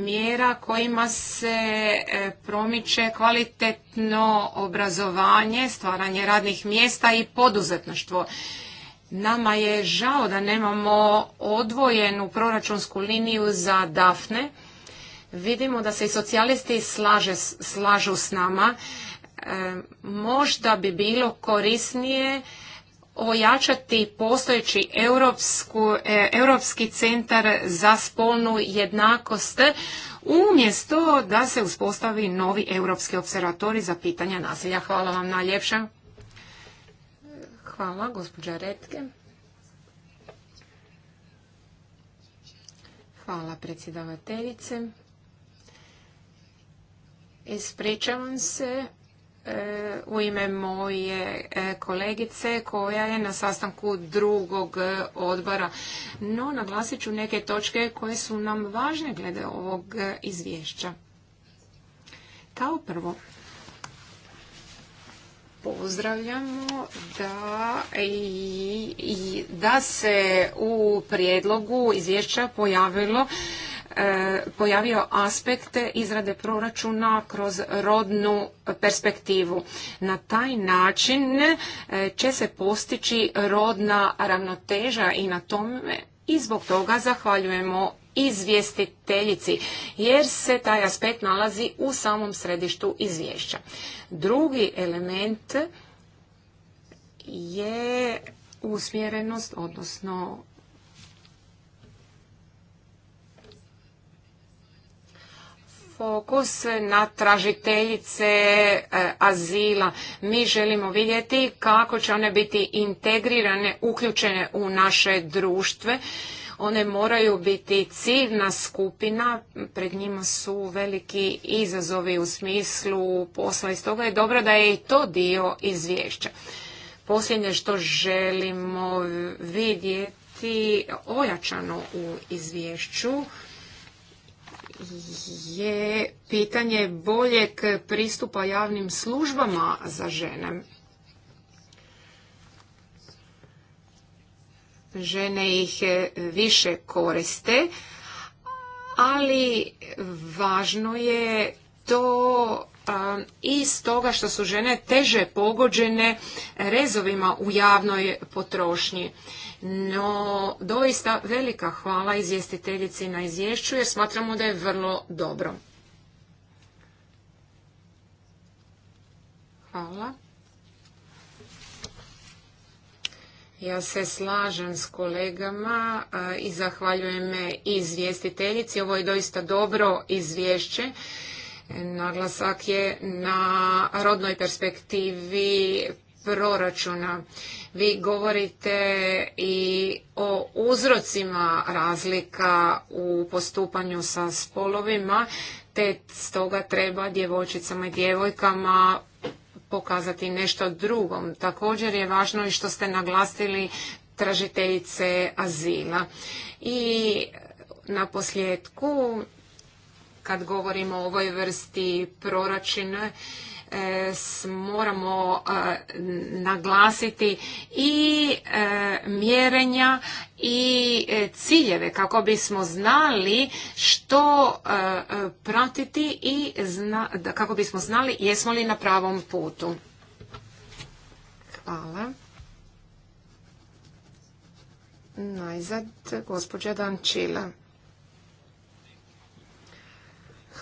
mjera kojima se e, promiče kvalitetno obrazovanje, stvaranje radnih mjesta i poduzetništvo. Nama je žao da nemamo odvojenu proračunsku liniju za Dafne. Vidimo da se i socijalisti slaže, slažu s nama. E, možda bi bilo korisnije ojačati postojeći Europsku, e, Europski centar za spolnu jednakost umjesto da se uspostavi novi Europski observatori za pitanja nasilja. Hvala vam najljepša. Hvala, gospođa Retke. Hvala, predsjedavateljice. Ispričavam se E, u ime moje e, kolegice koja je na sastanku drugog e, odbora. No, naglasit ću neke točke koje su nam važne glede ovog izvješća. Kao prvo, pozdravljamo da, i, da se u prijedlogu izvješća pojavilo E, pojavio aspekte izrade proračuna kroz rodnu perspektivu. Na taj način e, će se postići rodna ravnoteža i na tome i zbog toga zahvaljujemo izvjestiteljici, jer se taj aspekt nalazi u samom središtu izvješća. Drugi element je usmjerenost, odnosno fokus na tražiteljice e, azila. Mi želimo vidjeti kako će one biti integrirane, uključene u naše društve. One moraju biti ciljna skupina, pred njima su veliki izazovi u smislu posla i stoga je dobro da je i to dio izvješća. Posljednje što želimo vidjeti ojačano u izvješću je pitanje boljeg pristupa javnim službama za žene. Žene ih e, više koriste, ali važno je to i stoga što su žene teže pogođene rezovima u javnoj potrošnji. No, doista velika hvala izvjestiteljici na izvješću jer smatramo da je vrlo dobro. Hvala. Ja se slažem s kolegama i zahvaljujem izvjestiteljici. Ovo je doista dobro izvješće Naglasak je na rodnoj perspektivi proračuna. Vi govorite i o uzrocima razlika u postupanju sa spolovima, te stoga treba djevojčicama i djevojkama pokazati nešto drugom. Također je važno i što ste naglasili tražiteljice azila. I na posljedku kad govorimo o ovoj vrsti proračuna e, moramo e, naglasiti i e, mjerenja i ciljeve kako bismo znali što pratiti i kako bismo znali jesmo li na pravom putu. Hvala. Najzad gospođa Dančila.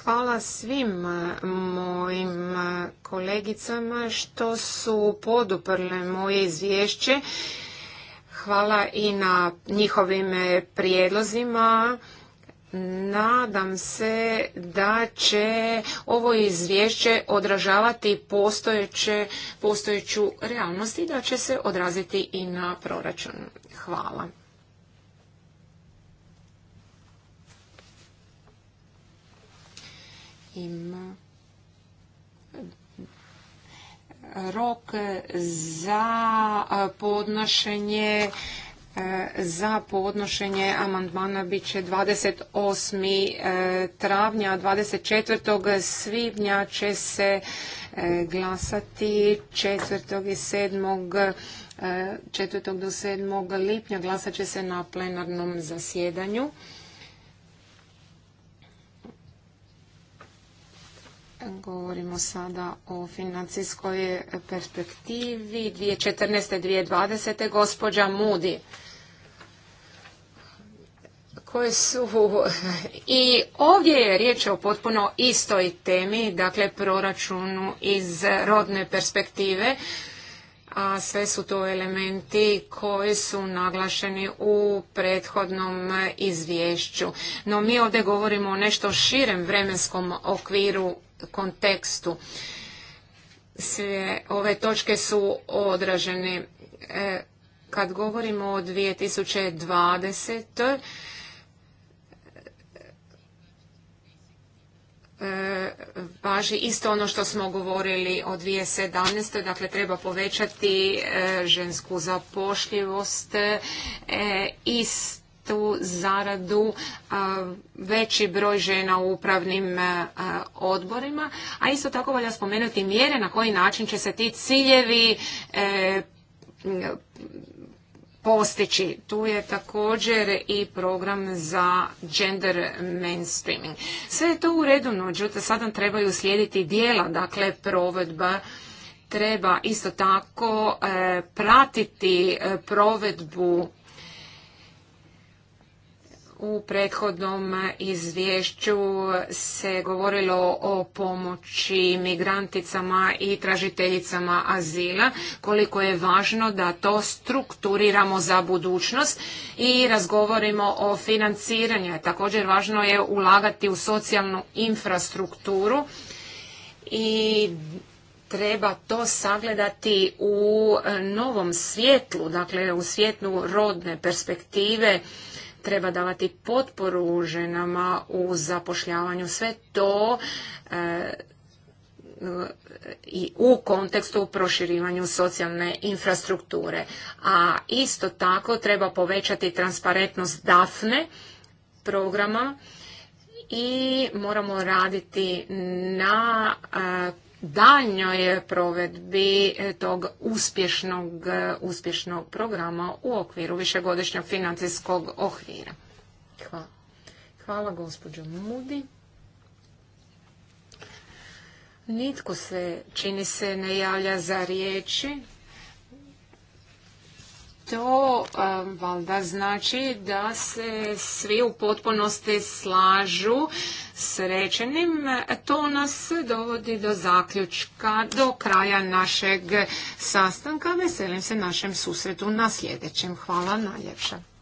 hvala svim e, mojim e, kolegicama što su poduprle moje izvješće. Hvala i na njihovim e, prijedlozima. Nadam se da će ovo izvješće odražavati postojeću realnost i da će se odraziti i na proračun. Hvala. im rok za podnošenje za podnošenje amandmana bit će 28. E, travnja, 24. svibnja će se e, glasati 4. i 7. 4. E, do 7. lipnja glasat će se na plenarnom zasjedanju. Govorimo sada o financijskoj perspektivi 2014. 2020. gospođa Moody koje su i ovdje je riječ o potpuno istoj temi, dakle proračunu iz rodne perspektive a sve su to elementi koji su naglašeni u prethodnom izvješću. No mi ovdje govorimo o nešto širem vremenskom okviru kontekstu. Sve ove točke su odražene. E, kad govorimo o 2020 E, važi isto ono što smo govorili o 2017. Dakle, treba povećati e, žensku zapošljivost, e, istu zaradu, veći broj žena u upravnim odborima. A isto tako valja spomenuti mjere na koji način će se ti ciljevi postići. Tu je također i program za gender mainstreaming. Sve je to u redu, no sada trebaju slijediti dijela, dakle provedba treba isto tako e, pratiti e, provedbu u prethodnom izvješću se govorilo o pomoći migranticama i tražiteljicama azila, koliko je važno da to strukturiramo za budućnost i razgovorimo o financiranju. Također važno je ulagati u socijalnu infrastrukturu i treba to sagledati u novom svijetlu, dakle u svijetlu rodne perspektive treba davati potporu ženama u zapošljavanju. Sve to e, i u kontekstu proširivanju socijalne infrastrukture. A isto tako treba povećati transparentnost DAFNE programa i moramo raditi na e, daljnjoj provedbi e, tog uspješnog, e, uspješnog programa u okviru višegodišnjeg financijskog okvira. Hvala. Hvala gospođo Mudi. Nitko se, čini se, ne javlja za riječi to um, valjda znači da se svi u potpunosti slažu s rečenim. To nas dovodi do zaključka, do kraja našeg sastanka. Veselim se našem susretu na sljedećem. Hvala najljepša.